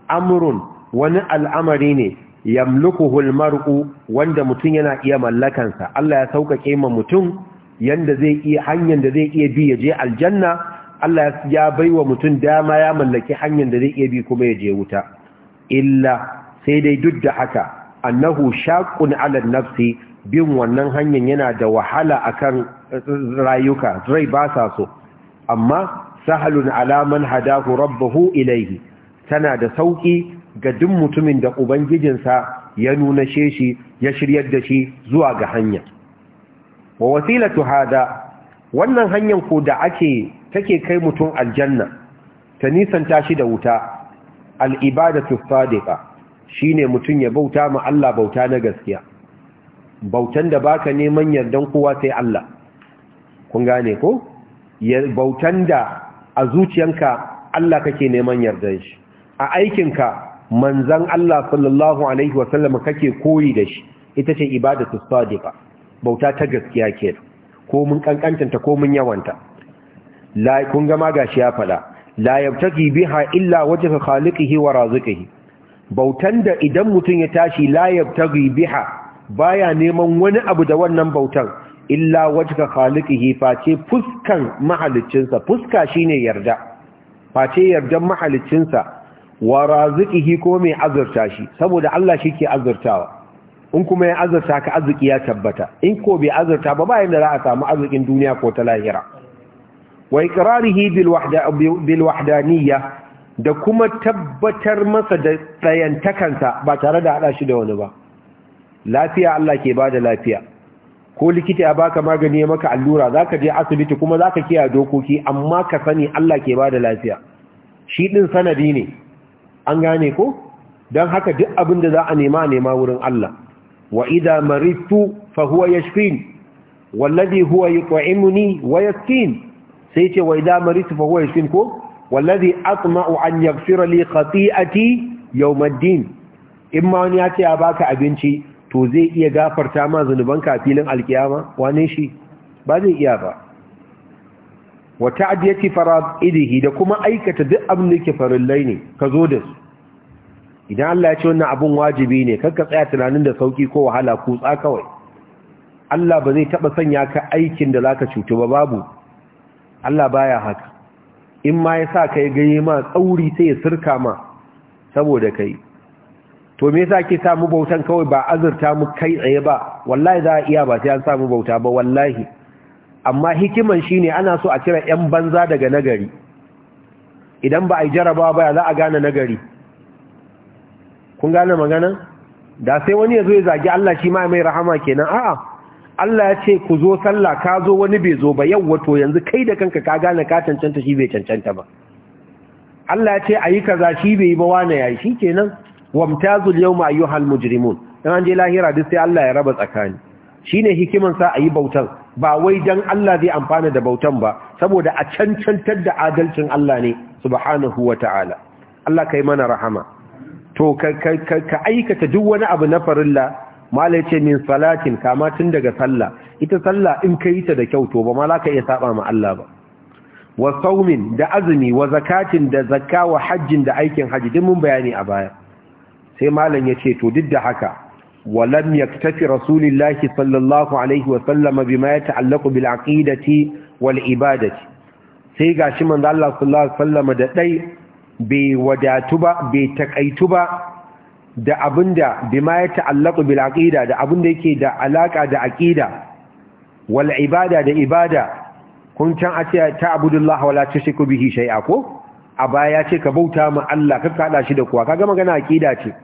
amrun wani al'amari ne yamlukuhu almar'u wanda mutum yana iya mallakansa Allah ya sauƙaƙe ma mutum yanda zai iya hanyar da zai iya bi ya je aljanna Allah ya baiwa mutum dama ya mallaki hanyar da zai iya bi kuma ya je wuta illa sai dai duk da haka annahu shaqqun 'ala an-nafsi bin wannan hanyar yana da wahala a kan rayuka rai ba sa so amma sahalun alaman hadahu rabbahu ilaihi tana da sauki ga duk mutumin da ubangijinsa ya nuna sheshi ya shiryar da shi zuwa ga hanya wa wasilatu hada wannan hanyar ko da ake take kai mutum aljanna ta nisanta shi da wuta al'ibadatu sadiqa shine mutum ya bauta ma Allah bauta na gaskiya bautan da baka neman yardan kowa sai Allah kun gane ko bautan da a zuciyanka Allah kake neman yardan shi a aikinka manzan Allah sallallahu alaihi wasallam kake koyi da shi ita ce ibadatu sadiqa bauta ta gaskiya ke ko mun kankantanta ko mun yawanta la kun ga magashi ya fada la yabtaqi biha illa wajha khaliqihi wa raziqihi bautan da idan mutum ya tashi la ribiha. biha baya neman wani abu da wannan bautan illa wajka khaliqihi face fuskan mahaliccinsa fuska shine yarda face yardan mahaliccinsa wa raziqihi ko mai azurta shi saboda Allah shike azurtawa in kuma ya azurta ka arziki ya tabbata in ko bai azurta ba bayan da za a samu arzikin duniya ko ta lahira wa iqrarihi bil wahda bil wahdaniyya da kuma tabbatar masa da tsayantakansa ba tare da hada shi da wani ba lafiya Allah ke ba da lafiya ko likita ya baka magani ya maka allura za ka je asibiti kuma za ka kiyaye dokoki amma ka sani Allah ke ba da lafiya shi ɗin sanadi ne an gane ko don haka duk abin da za a nema nema wurin Allah wa idha maritu fa huwa yashfin wallazi huwa yut'imuni wa yaskin sai ce wa idha maritu fa huwa yashfin ko wallazi atma'u an yaghfira li khati'ati yawm ad in wani ya ce ya baka abinci to zai iya gafarta ma zunuban ka filin alkiyama wane shi ba zai iya ba wa ta'diyati fara'idihi da kuma aikata duk abin da yake farin ne ka zo da su idan Allah ya ce wannan abun wajibi ne kar ka tsaya tunanin da sauki ko wahala ku tsa kawai Allah ba zai taba sanya ka aikin da zaka cutu ba babu Allah baya haka in ma ya sa kai gaye ma tsauri sai ya sirka ma saboda kai to me yasa ake samu bautan kawai ba azurta mu kai tsaye ba wallahi za a iya ba sai an samu bauta ba wallahi amma hikiman shine ana so a kira yan banza daga nagari idan ba a yi jarabawa ba za a gane nagari kun gane magana da sai wani ya zo ya zagi Allah shi ma mai rahama kenan a'a Allah ya ce ku zo sallah ka zo wani bai zo ba yau wato yanzu kai da kanka ka gane ka cancanta shi bai cancanta ba Allah ya ce ayi kaza shi bai yi ba wani yashi kenan. wamtazul yawma ayyuhal mujrimun dan an je lahira duk sai Allah ya raba tsakani shine hikiman sa ayi bautan ba wai dan Allah zai amfana da bautan ba saboda a cancantar da adalcin Allah ne subhanahu ta'ala. Allah kai mana rahama to ka aikata duk wani abu na farilla malai ce min salatin kama tun daga sallah ita sallah in ka yi ta da kyau to ba ma za ka iya saba ma Allah ba wa saumin da azumi wa zakatin da zakka wa hajjin da aikin hajji dun mun bayani a baya sai malam ya ce to duk da haka walam ya tafi rasulillahi sallallahu alaihi wasallam bima ya ta'allaqu bil aqidati wal ibadati sai gashi manzo Allah sallallahu alaihi wasallam da dai bai wadatu ba bai takaitu ba da abinda bima ya ta'allaqu bil aqida da abinda yake da alaka da aqida wal ibada da ibada kun can a ce ta ta'budullahi wala tushriku bihi shay'a ko a baya ya ce ka bauta ma Allah ka kada shi da kuwa kaga magana aqida ce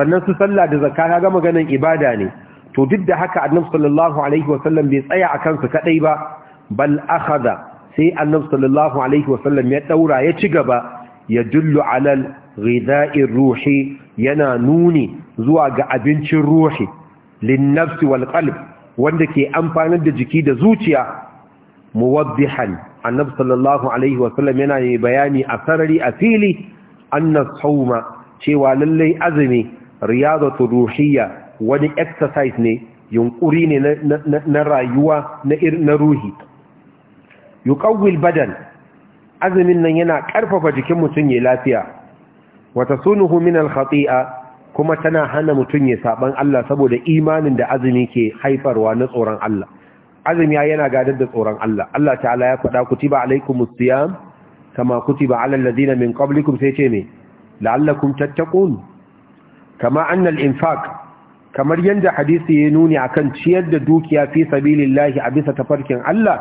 sannan su sallah da zakka kaga maganan ibada ne to duk da haka annabi sallallahu alaihi wasallam bai tsaya akan su kadai ba bal akhadha sai annabi sallallahu alaihi wasallam ya daura ya ci gaba ya dullu alal ghidha'ir ruhi yana nuni zuwa ga abincin ruhi lin nafsi wal qalb wanda ke amfanar da jiki da zuciya muwaddihan annabi sallallahu alaihi wasallam yana bayani a sarari a fili annas sauma cewa lallai azumi riyadatu ruhiyya wani exercise ne yunkuri ne na rayuwa na na ruhi yuqawwil badan azumin nan yana karfafa jikin mutum ya lafiya wata tasunuhu min al-khati'a kuma tana hana mutum ya saban Allah saboda imanin da azumi ke haifarwa na tsoron Allah azumi yana gadar da tsoron Allah Allah ta'ala ya faɗa kutiba alaikumus siyam kama kutiba alal ladina min qablikum sai ce ne la'allakum tattaqun kama annal infaq kamar yadda hadisi ya nuni akan ciyar da dukiya fi sabilillahi a bisa tafarkin Allah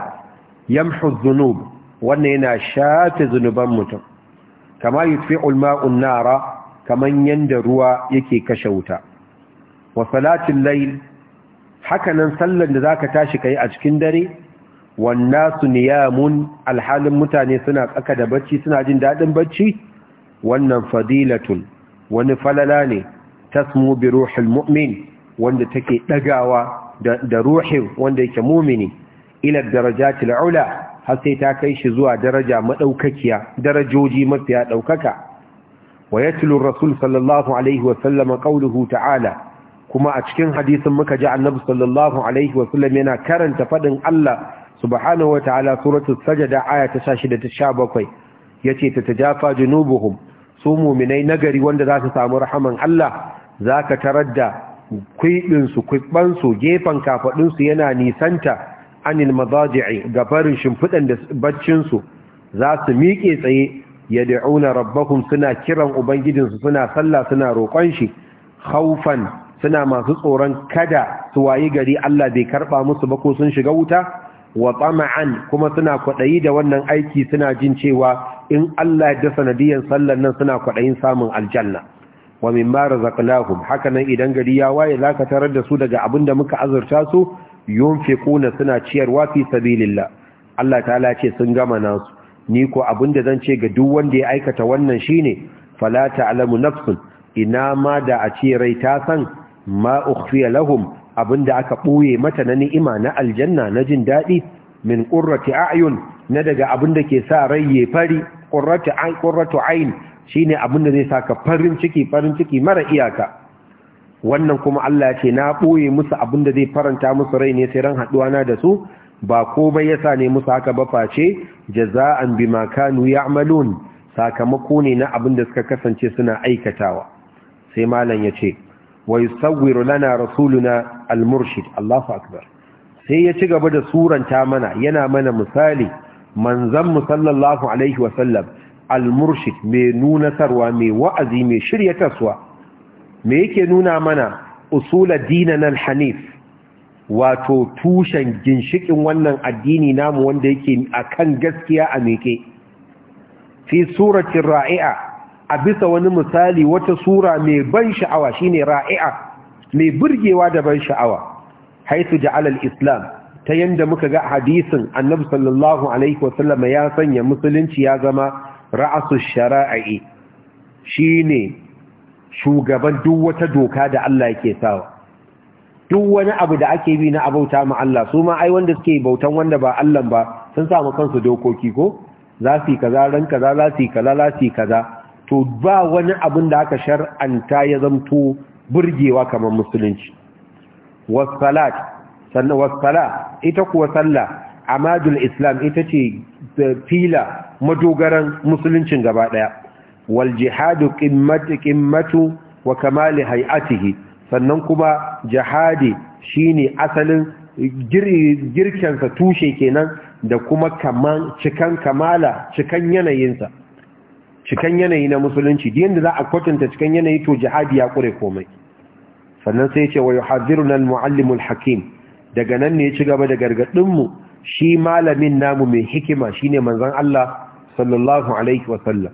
yamhu dhunub wannan yana shafe zunuban mutum kama yutfi'ul ma'un nara kaman yanda ruwa yake kashe wuta wa salatul layl hakanan sallar da zaka tashi kai a cikin dare wan nasu niyamun alhalin mutane suna tsaka da bacci suna jin dadin bacci wannan fadilatun wani falala ne tasmu bi ruhul mu'min wanda take dagawa da ruhin wanda yake mumini ila darajati al'ula har sai ta kai shi zuwa daraja madaukakiya darajoji mafiya daukaka wa yatlu rasul sallallahu alaihi wa sallam qawluhu ta'ala kuma a cikin hadisin muka ji annabi sallallahu alaihi wa sallam yana karanta fadin Allah subhanahu wa ta'ala suratul sajda aya ta 16 ta 17 yace ta tajafa junubuhum su mu'minai nagari wanda za su samu rahaman Allah za ka tarar da kwiɓinsu kwiɓansu gefen kafaɗinsu yana nisanta anil mazaji'i ga farin shimfiɗan da baccinsu za su miƙe tsaye ya da'una rabbakun suna kiran ubangijinsu suna sallah suna roƙon shi haufan suna masu tsoron kada su wayi gari Allah bai karɓa musu ba ko sun shiga wuta wa tsama'an kuma suna kwaɗayi da wannan aiki suna jin cewa in Allah ya da sanadiyan sallar nan suna kwaɗayin samun aljanna wa min ba razaqnahum hakanan idan gari ya waye zaka tarar da su daga abin da muka azurta su yunfiquna suna ciyarwa fi sabilillah Allah ta'ala ce sun gama nasu ni ko abin da zan ce ga duk wanda ya aikata wannan shine fala ta'lamu nafsun ina ma da a ce rai ta san ma ukhfiya lahum abinda aka ɓoye mata na ni'ima na aljanna na jin daɗi min ƙurrati ayun na daga abinda ke sa rai ya fari ƙurratu ayn shine abin da zai saka farin ciki farin ciki mara iyaka wannan kuma Allah ya ce na ɓoye musu abin da zai faranta musu rai ne sai ran haɗuwa na da su ba komai yasa ne musu haka ba face jaza'an bima ya ya'malun sakamako ne na abin da suka kasance suna aikatawa sai malam ya ce wa yusawwiru lana rasuluna al-murshid Allahu akbar sai ya ci gaba da suranta mana yana mana misali manzon mu sallallahu alaihi sallam. al-murshid mai sarwa mai wa'azi mai shirya taswa, me yake nuna mana usula dinan al-hanif wato tushen ginshikin wannan addini namu wanda yake a kan gaskiya a meke fi suratin ra'i'a a bisa wani misali wata sura mai ban sha'awa shine ra'i'a mai burgewa da ban sha'awa haitu ja'alal islam ta yanda muka ga hadisin annabi sallallahu alaihi wasallam ya sanya musulunci ya zama ra'asu shara'i shine shugaban duk wata doka da Allah yake sawa duk wani abu da ake bi na abauta ma Allah su ma ai wanda suke bautan wanda ba Allah ba sun samu kansu dokoki ko za su yi kaza ran kaza za su yi kaza za su yi kaza to ba wani abin da aka shar'anta ya zamto burgewa kamar musulunci wassalat sannan wassala ita kuwa sallah amadul islam ita ce fila madogaran musuluncin gaba daya wal jihadu qimmatu qimmatu wa kamali hay'atihi sannan kuma jihadi shine asalin girkensa tushe kenan da kuma kaman cikan kamala cikan yanayinsa cikan yanayi na musulunci din da za a kwatanta cikan yanayi to jihadi ya kure komai sannan sai ya ce wa yuhadhiruna al-muallimul hakim daga nan ne ya ci gaba da gargadin mu shi malamin namu mai hikima shine manzon Allah sallallahu alaihi wasallam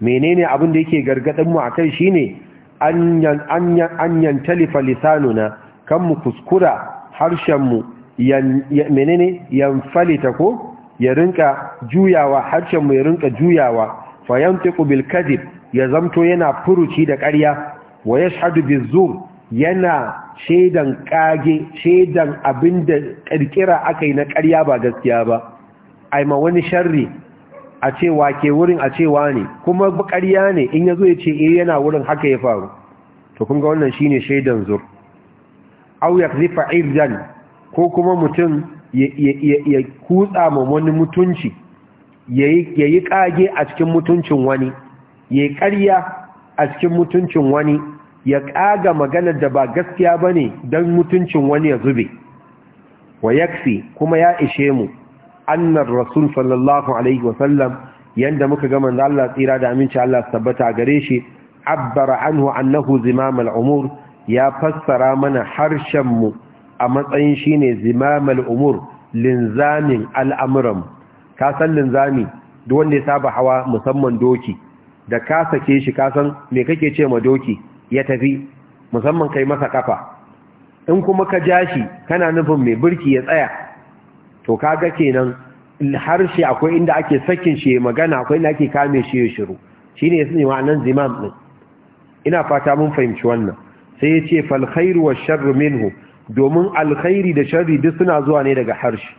menene abin da yake gargadan mu akai shine anyan anyan anyan talifa lisanuna kan mu kuskura harshen mu menene yanfalita ko ya rinka juyawa harshen ya rinka juyawa Fayanta bil kadhib ya zamto yana furuci da ƙarya wa yashhadu bizur yana shaidan kage shaidan abinda kirkira aka na ƙarya ba gaskiya ba ai ma wani sharri a cewa ke wurin a cewa ne kuma ƙarya ne in yazo ya ce eh yana wurin haka ya faru to kun ga wannan shine shaidan zur aw yakzifa irdan ko kuma mutum ya kutsa ma wani mutunci yayi kage a cikin mutuncin wani yayi ƙarya a cikin mutuncin wani ya ƙaga maganar da ba gaskiya ba ne don mutuncin wani ya zube wa kuma ya ishe mu annar rasul sallallahu alaihi wasallam yanda muka gama da Allah tsira da aminci Allah tabbata gare shi abbara anhu annahu Zimamal umur ya fassara mana harshen mu a matsayin shine ne zimamal umur linzamin al'amuran ka san linzami duk wanda ya saba hawa musamman doki da ka sake shi ka san me kake ce ma doki ya tafi musamman kai masa kafa in kuma ka ja shi kana nufin mai burki ya tsaya to kaga kenan harshe akwai inda ake sakin shi ya magana akwai inda ake kame shi ya shiru Shi ne shine yasa ma'anan zimam ɗin ina fata mun fahimci wannan sai ya ce fal wa sharru minhu domin alkhairi da sharri duk suna zuwa ne daga harshe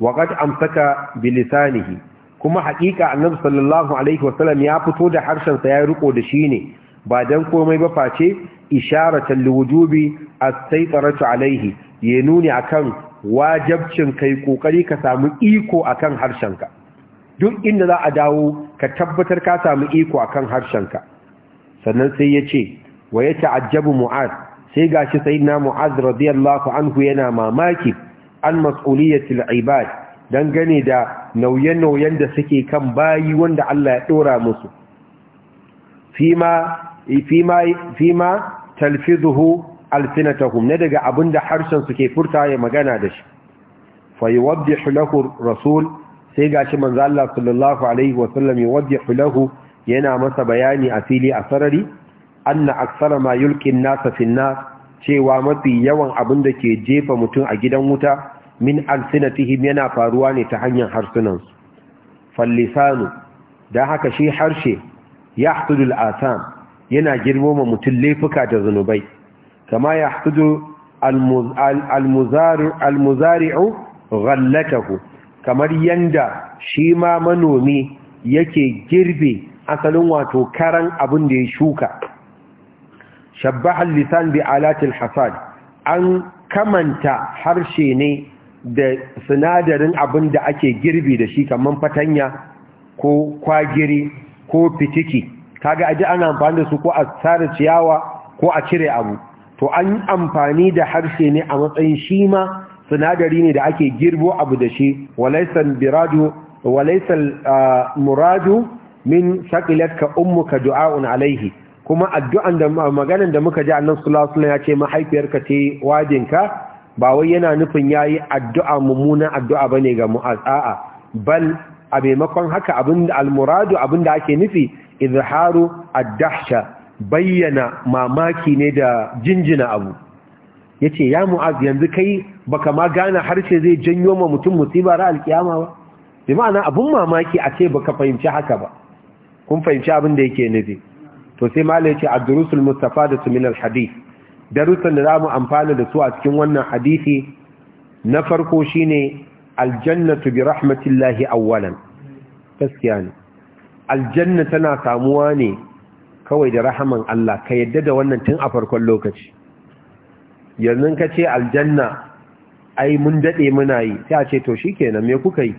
waqad amsaka bilisanihi kuma haƙiƙa annabi sallallahu alaihi wasallam ya fito da harshen sa ya riko da shi ne ba dan komai ba face isharatan liwujubi as-saytaratu alaihi ya nuni akan wajabcin kai kokari ka samu iko akan harshenka duk inda za a dawo ka tabbatar ka samu iko akan harshenka sannan sai ya ce wa ya ta'ajjabu mu'az sai gashi sayyidina mu'az radiyallahu anhu yana mamaki an mas'uliyatil ibad gane da nauyen nauyen da suke kan bayi wanda Allah ya dora musu fima Eh, fima talfizuhu alfinatahum na daga abin da harshen suke furta ya magana da shi fa wadda shulahu rasul sai shi manzo Allah sallallahu alaihi wa sallam wadda shulahu yana masa bayani a fili a sarari anna aksara ma yulkin nasa finna cewa mafi yawan abin da ke jefa mutum a gidan wuta min alfinatihim yana faruwa ne ta hanyar harsunansu fallisanu da haka shi harshe ya hasudul asam yana girmama mutum laifuka da zunubai kama ya hudu almuzari'u ghallatahu kamar yanda shi ma manomi yake girbe asalin wato karan abin da ya shuka shabbahal lisan bi alatil hasad an kamanta harshe ne da sinadarin abin da ake girbi da shi kamar fatanya ko kwagiri ko fitiki kaga aje ana amfani da su ko a tsara ciyawa ko a cire abu to an yi amfani da harshe ne a matsayin shi ma sinadari ne da ake girbo abu da shi walaisan biraju walaisan ah, muradu min shaqilatka ummuka du'a'un alaihi kuma addu'an da maganan da muka ji annabi sallallahu alaihi ya ce mahaifiyarka ce wajinka ba wai yana nufin yayi addu'a mummunan addu'a bane ga mu'azaa bal a maimakon haka abinda al-muradu abinda ake nufi izharu ad-dahsha bayyana mamaki ne da jinjina abu yace ya mu'az yanzu kai baka ma gane harshe zai janyo ma mutum musiba ra alkiyama ba bi ma'ana abun mamaki a ce baka fahimci haka ba kun fahimci abin da yake nufi to sai mala yace ad-durusul mustafadatu min al-hadith darussan da za mu amfana da su a cikin wannan hadisi na farko shine aljannatu bi rahmatillahi awwalan gaskiya ne aljanna tana samuwa ne kawai da rahaman Allah ka yadda da wannan tun a farkon lokaci yanzu ka ce aljanna ai mun dade muna yi sai a ce to shikenan me kuka yi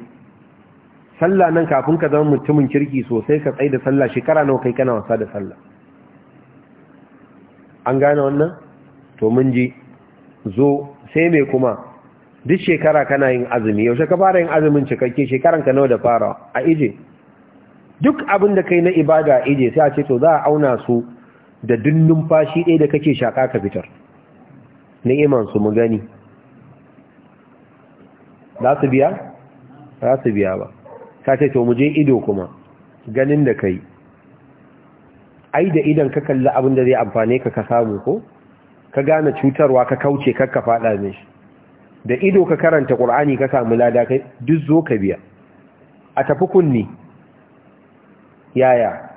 sallah nan kafin ka zama mutumin kirki sosai ka tsaye da sallah shekara nawa kai kana wasa da sallah an gane wannan to mun ji zo sai me kuma duk shekara kana yin azumi yaushe ka fara yin azumin cikakke shekaran ka nawa da fara a ije duk abin da kai na ibada ije sai a ce to za a auna su da dundun fashi ɗaya da kake shaƙa ka fitar iman su mu gani za su biya za su biya ba ka ce to mu je ido kuma ganin da kai ai da idan ka kalli abin da zai amfane ka ka samu ko ka gane cutarwa ka kauce kakka faɗa mishi da ido ka karanta ƙur'ani ka samu lada kai duk zo ka biya a tafi kunni yaya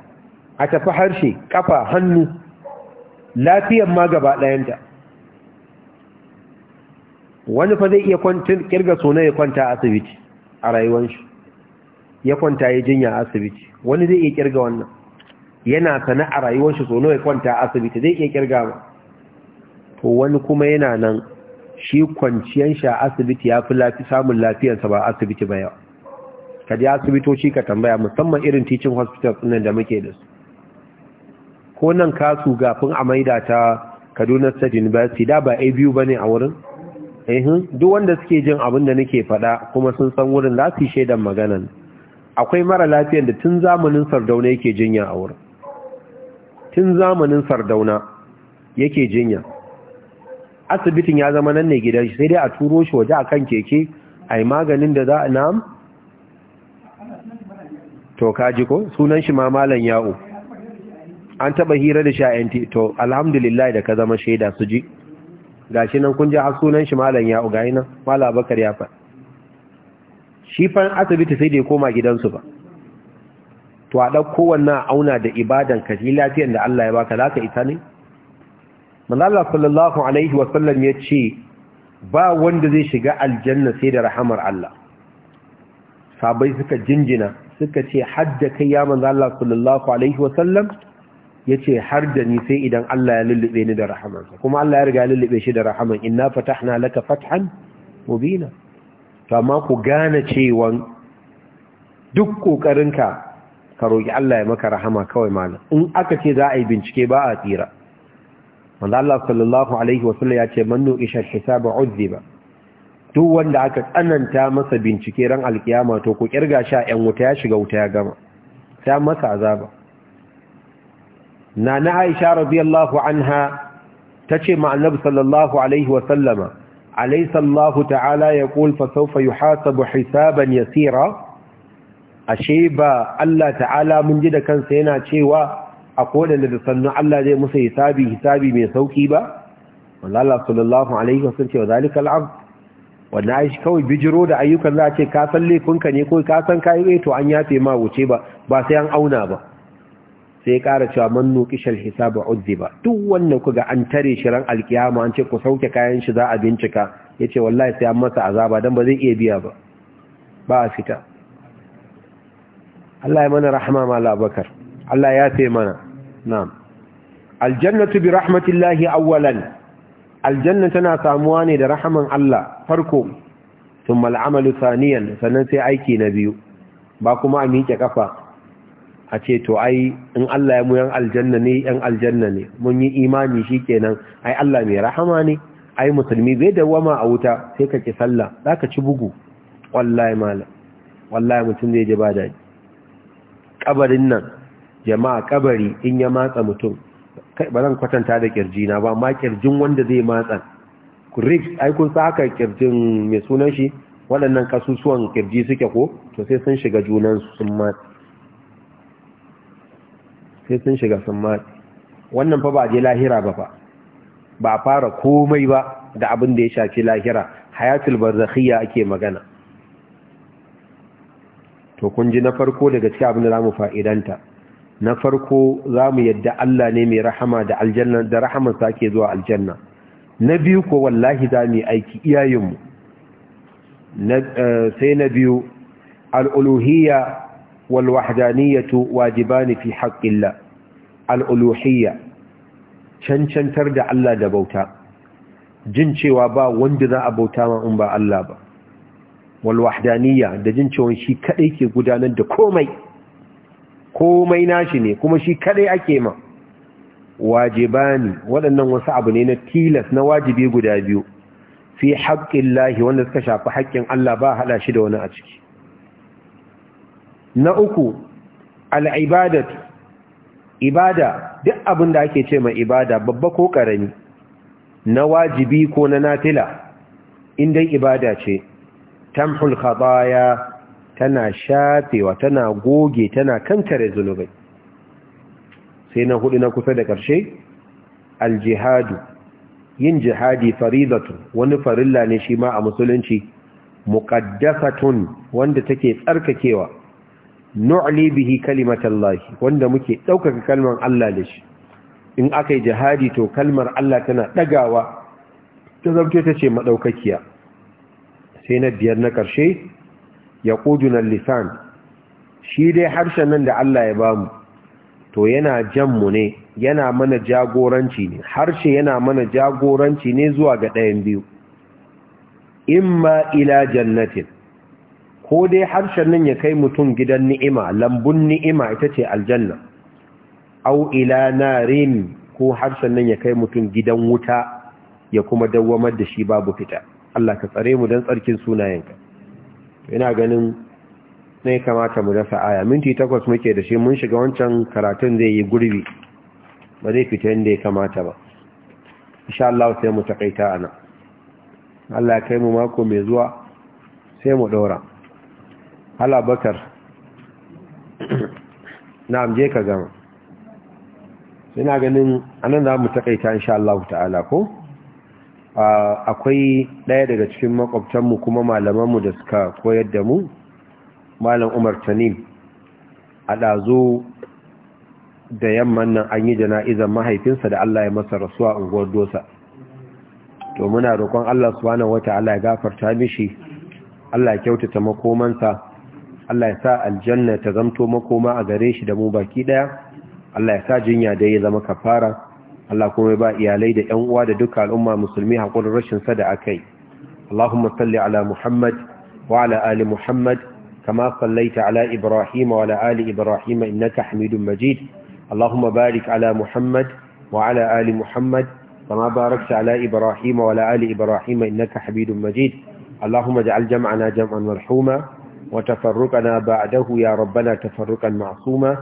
a tafi harshe kafa hannu lafiyan ma gaba ɗayanta wani fa zai iya kirga suna ya kwanta a asibiti a rayuwanshi ya kwanta ya jinya a asibiti wani zai iya kirga wannan yana sana a rayuwanshi suna ya kwanta a asibiti zai iya kirga ba to wani kuma yana nan shi kwanciyar sha a asibiti ya fi samun lafiyarsa ba asibiti ba yawa ka je asibitoci ka tambaya musamman irin teaching hospitals nan da muke da su ko nan kasu gafin a maida ta Kaduna State University da ba a biyu bane a wurin eh duk wanda suke jin abin da nake faɗa kuma sun san wurin za su shaidan maganan akwai mara lafiyar da tun zamanin Sardauna yake jinya a wurin tun zamanin Sardauna yake jinya asibitin ya zama nan ne gidan shi sai dai a turo shi waje akan keke ai maganin da za a nam to kaji ko sunan shi ma malam ya'u an taba hira da sha'anti to alhamdulillah da ka zama shaida su ji gashi nan kun ji har sunan shi malam ya'u gashi nan malam Abakar ya fa shi fa asibiti sai da ya koma gidansu ba to a dauko wannan auna da ibadan ka ji lafiyar da Allah ya baka zaka ita ne manzo Allah sallallahu alaihi wa sallam ya ce ba wanda zai shiga aljanna sai da rahamar Allah sabai suka jinjina suka ce hadda kai ya manzo Allah sallallahu alaihi wasallam yace har da ni sai idan Allah ya lullube ni da rahamansa kuma Allah ya riga ya lullube shi da rahaman inna fatahna laka fathan mubina to amma ku gane cewa duk kokarinka ka roki Allah ya maka rahama kawai malam in aka ce za a yi bincike ba a tsira manzo Allah sallallahu alaihi wasallam yace man nu isha hisaba uzziba duk wanda aka tsananta masa bincike ran alkiyama to ku kirga sha yan wuta ya shiga wuta ya gama ta masa azaba nana Aisha radiyallahu anha tace ma annabi sallallahu alaihi wa sallama alaysa Allah ta'ala yaqul fa sawfa yuhasabu hisaban yasira ashe ba Allah ta'ala mun ji da kansa yana cewa a kodanda da sannu Allah zai musu hisabi hisabi mai sauki ba wallahi sallallahu alaihi wa sallam ce wa zalikal abd wannan shi kawai bijiro da ayyukan za a ce ka laifinka ne kawai kasan san kayi eh, to an yafe ma wuce ba ba sai an auna ba sai ƙara cewa man nuqishal hisaba ba. duk wannan kuga an tare shi ran alkiyama an ce ku sauke kayan shi za a bincika yace wallahi sai an masa azaba don ba zai iya biya ba ba a fita Allah ya mana rahama ma labakar Allah ya fi mana na. aljannatu bi rahmatillahi awwalan aljanna tana samuwa ne da rahaman Allah farko sun mal'amalu saniyan sannan sai aiki na biyu ba kuma a miƙe ƙafa a ce to ai in Allah ya mu yan aljanna ne yan aljanna ne mun yi imani shi kenan ai Allah mai rahama ne ai musulmi bai dawama a wuta sai ka ki sallah za ka ci bugu wallahi malam wallahi mutum zai ji ba daji kabarin nan jama'a kabari in ya matsa mutum kai ba zan kwatanta da kirji na ba ma kirjin wanda zai matsa ribs ai kun sa aka kirjin mai sunan shi waɗannan kasusuwan kirji suke ko to sai sun shiga junan sun matsa sai sun shiga sun matsa wannan fa ba je lahira ba fa ba fara komai ba da abin da ya shafi lahira hayatul barzakhiyya ake magana to kun ji na farko daga cikin abin da za mu fa'idanta na farko za mu yadda Allah ne mai rahama da aljanna da rahamansa ke zuwa aljanna na biyu ko wallahi za mu aiki iyayenmu eh, sai na biyu al'uluhiyya walwahdaniyatu wajibani fi haƙƙilla al'uluhiyya cancantar da Allah da bauta jin cewa ba wanda za a bauta ma in ba Allah ba walwahdaniyya da jin cewa shi kaɗai ke gudanar da komai komai nashi ne kuma shi kadai ake ma wajibani waɗannan wasu abu ne na tilas na wajibi guda biyu fi haƙƙin lahi wanda suka shafi haƙƙin Allah ba haɗa shi da wani a ciki na uku al'ibadat ibada duk abin da ake ce mai ibada babba ko ƙarami na wajibi ko na natila inda ibada ce tamhul khataya tana shafewa tana goge tana kankare zunubai sai na hudu na kusa da ƙarshe aljihadu yin jihadi faridatu wani farilla ne shi ma a musulunci muqaddasatun wanda take tsarkakewa nu'li bihi kalimatallahi wanda muke ɗaukaka kalmar Allah da shi in akai jihadi to kalmar Allah tana ɗagawa ta zabto ta ce sai na biyar na ƙarshe ya ƙudunan lisan shi dai harshen nan da Allah ya bamu to yana janmu ne yana mana jagoranci ne harshe yana mana jagoranci ne zuwa ga ɗayan biyu imma ila jannatin ko dai harshen nan ya kai mutum gidan ni'ima lambun ni'ima ita ce aljanna au ila narin ko harshen nan ya kai mutum gidan wuta ya kuma dawwamar da shi babu fita Allah ka tsare mu don tsarkin sunayenka ina ganin ne kamata mu dasa aya minti takwas muke da shi mun shiga wancan karatun zai yi gurbi ba zai fita inda ya kamata ba insha Allah sai mu takaita ana Allah kai mu mako mai zuwa sai mu daura Allah bakar (coughs) na'am je ka gama ina ganin anan za mu takaita insha Allah ta'ala ko akwai ɗaya daga cikin makwabtanmu kuma malamanmu da suka koyar da mu malam umar tanim a ɗazo da yamman nan an yi jana'izar mahaifinsa da Allah ya masa rasuwa unguwar dosa to muna roƙon Allah wata allah ya gafarta mishi Allah ya kyautata makomansa Allah ya sa aljanna ta zamto makoma a gare shi da mu baki ɗaya. Allah ya sa jinya da ya zama kafara Allah kuma ba iyalai da ƴan uwa da duka al'umma musulmi hakurin rashin sa da akai Allahumma salli ala Muhammad wa ala ali Muhammad kama sallaita ala Ibrahim wa ala ali Ibrahim innaka Hamidum Majid Allahumma barik ala Muhammad wa ala ali Muhammad kama barakta ala Ibrahim wa ala ali Ibrahim innaka Hamidum Majid Allahumma na jam'ana jam'an marhuma wa tafarruqana ba'dahu ya rabbana tafarruqan ma'suma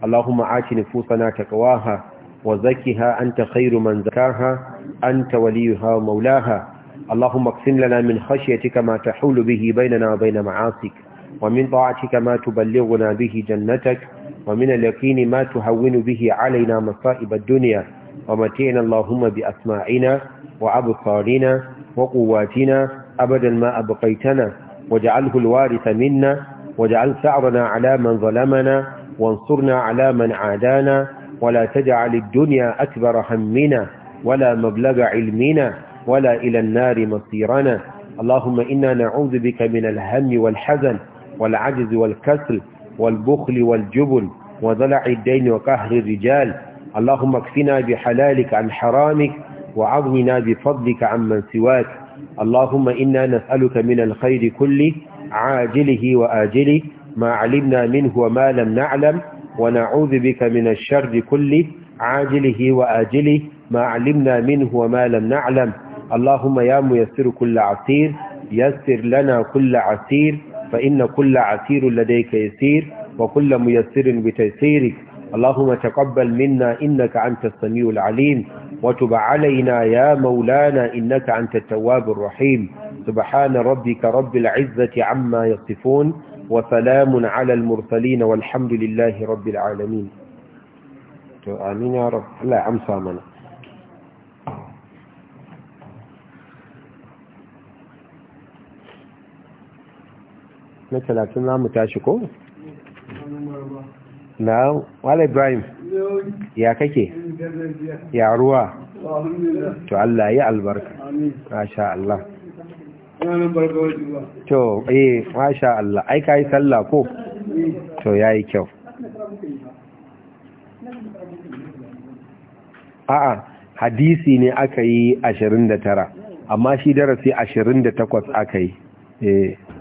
Allahumma aati nufusana taqwaha وزكها أنت خير من زكاها أنت وليها ومولاها اللهم اقسم لنا من خشيتك ما تحول به بيننا وبين معاصيك ومن طاعتك ما تبلغنا به جنتك ومن اليقين ما تهون به علينا مصائب الدنيا ومتعنا اللهم بأسماعنا وأبصارنا وقواتنا أبدا ما أبقيتنا واجعله الوارث منا واجعل ثأرنا على من ظلمنا وانصرنا على من عادانا ولا تجعل الدنيا أكبر همنا ولا مبلغ علمنا ولا إلى النار مصيرنا اللهم إنا نعوذ بك من الهم والحزن والعجز والكسل والبخل والجبن وضلع الدين وقهر الرجال اللهم اكفنا بحلالك عن حرامك وعظمنا بفضلك عمن سواك اللهم إنا نسألك من الخير كله عاجله وآجله ما علمنا منه وما لم نعلم ونعوذ بك من الشر كله عاجله وآجله ما علمنا منه وما لم نعلم اللهم يا ميسر كل عسير يسر لنا كل عسير فإن كل عسير لديك يسير وكل ميسر بتيسيرك اللهم تقبل منا إنك أنت السميع العليم وتب علينا يا مولانا إنك أنت التواب الرحيم سبحان ربك رب العزة عما يصفون وسلام على المرسلين والحمد لله رب العالمين آمين يا رب لا منا tashi ko? ibrahim ya kake ya ruwa to Allah ya Allah to eh masha Allah ai kai sallah ko to yayi kyau a'a hadisi ne aka yi 29 amma shi darasi 28 aka yi eh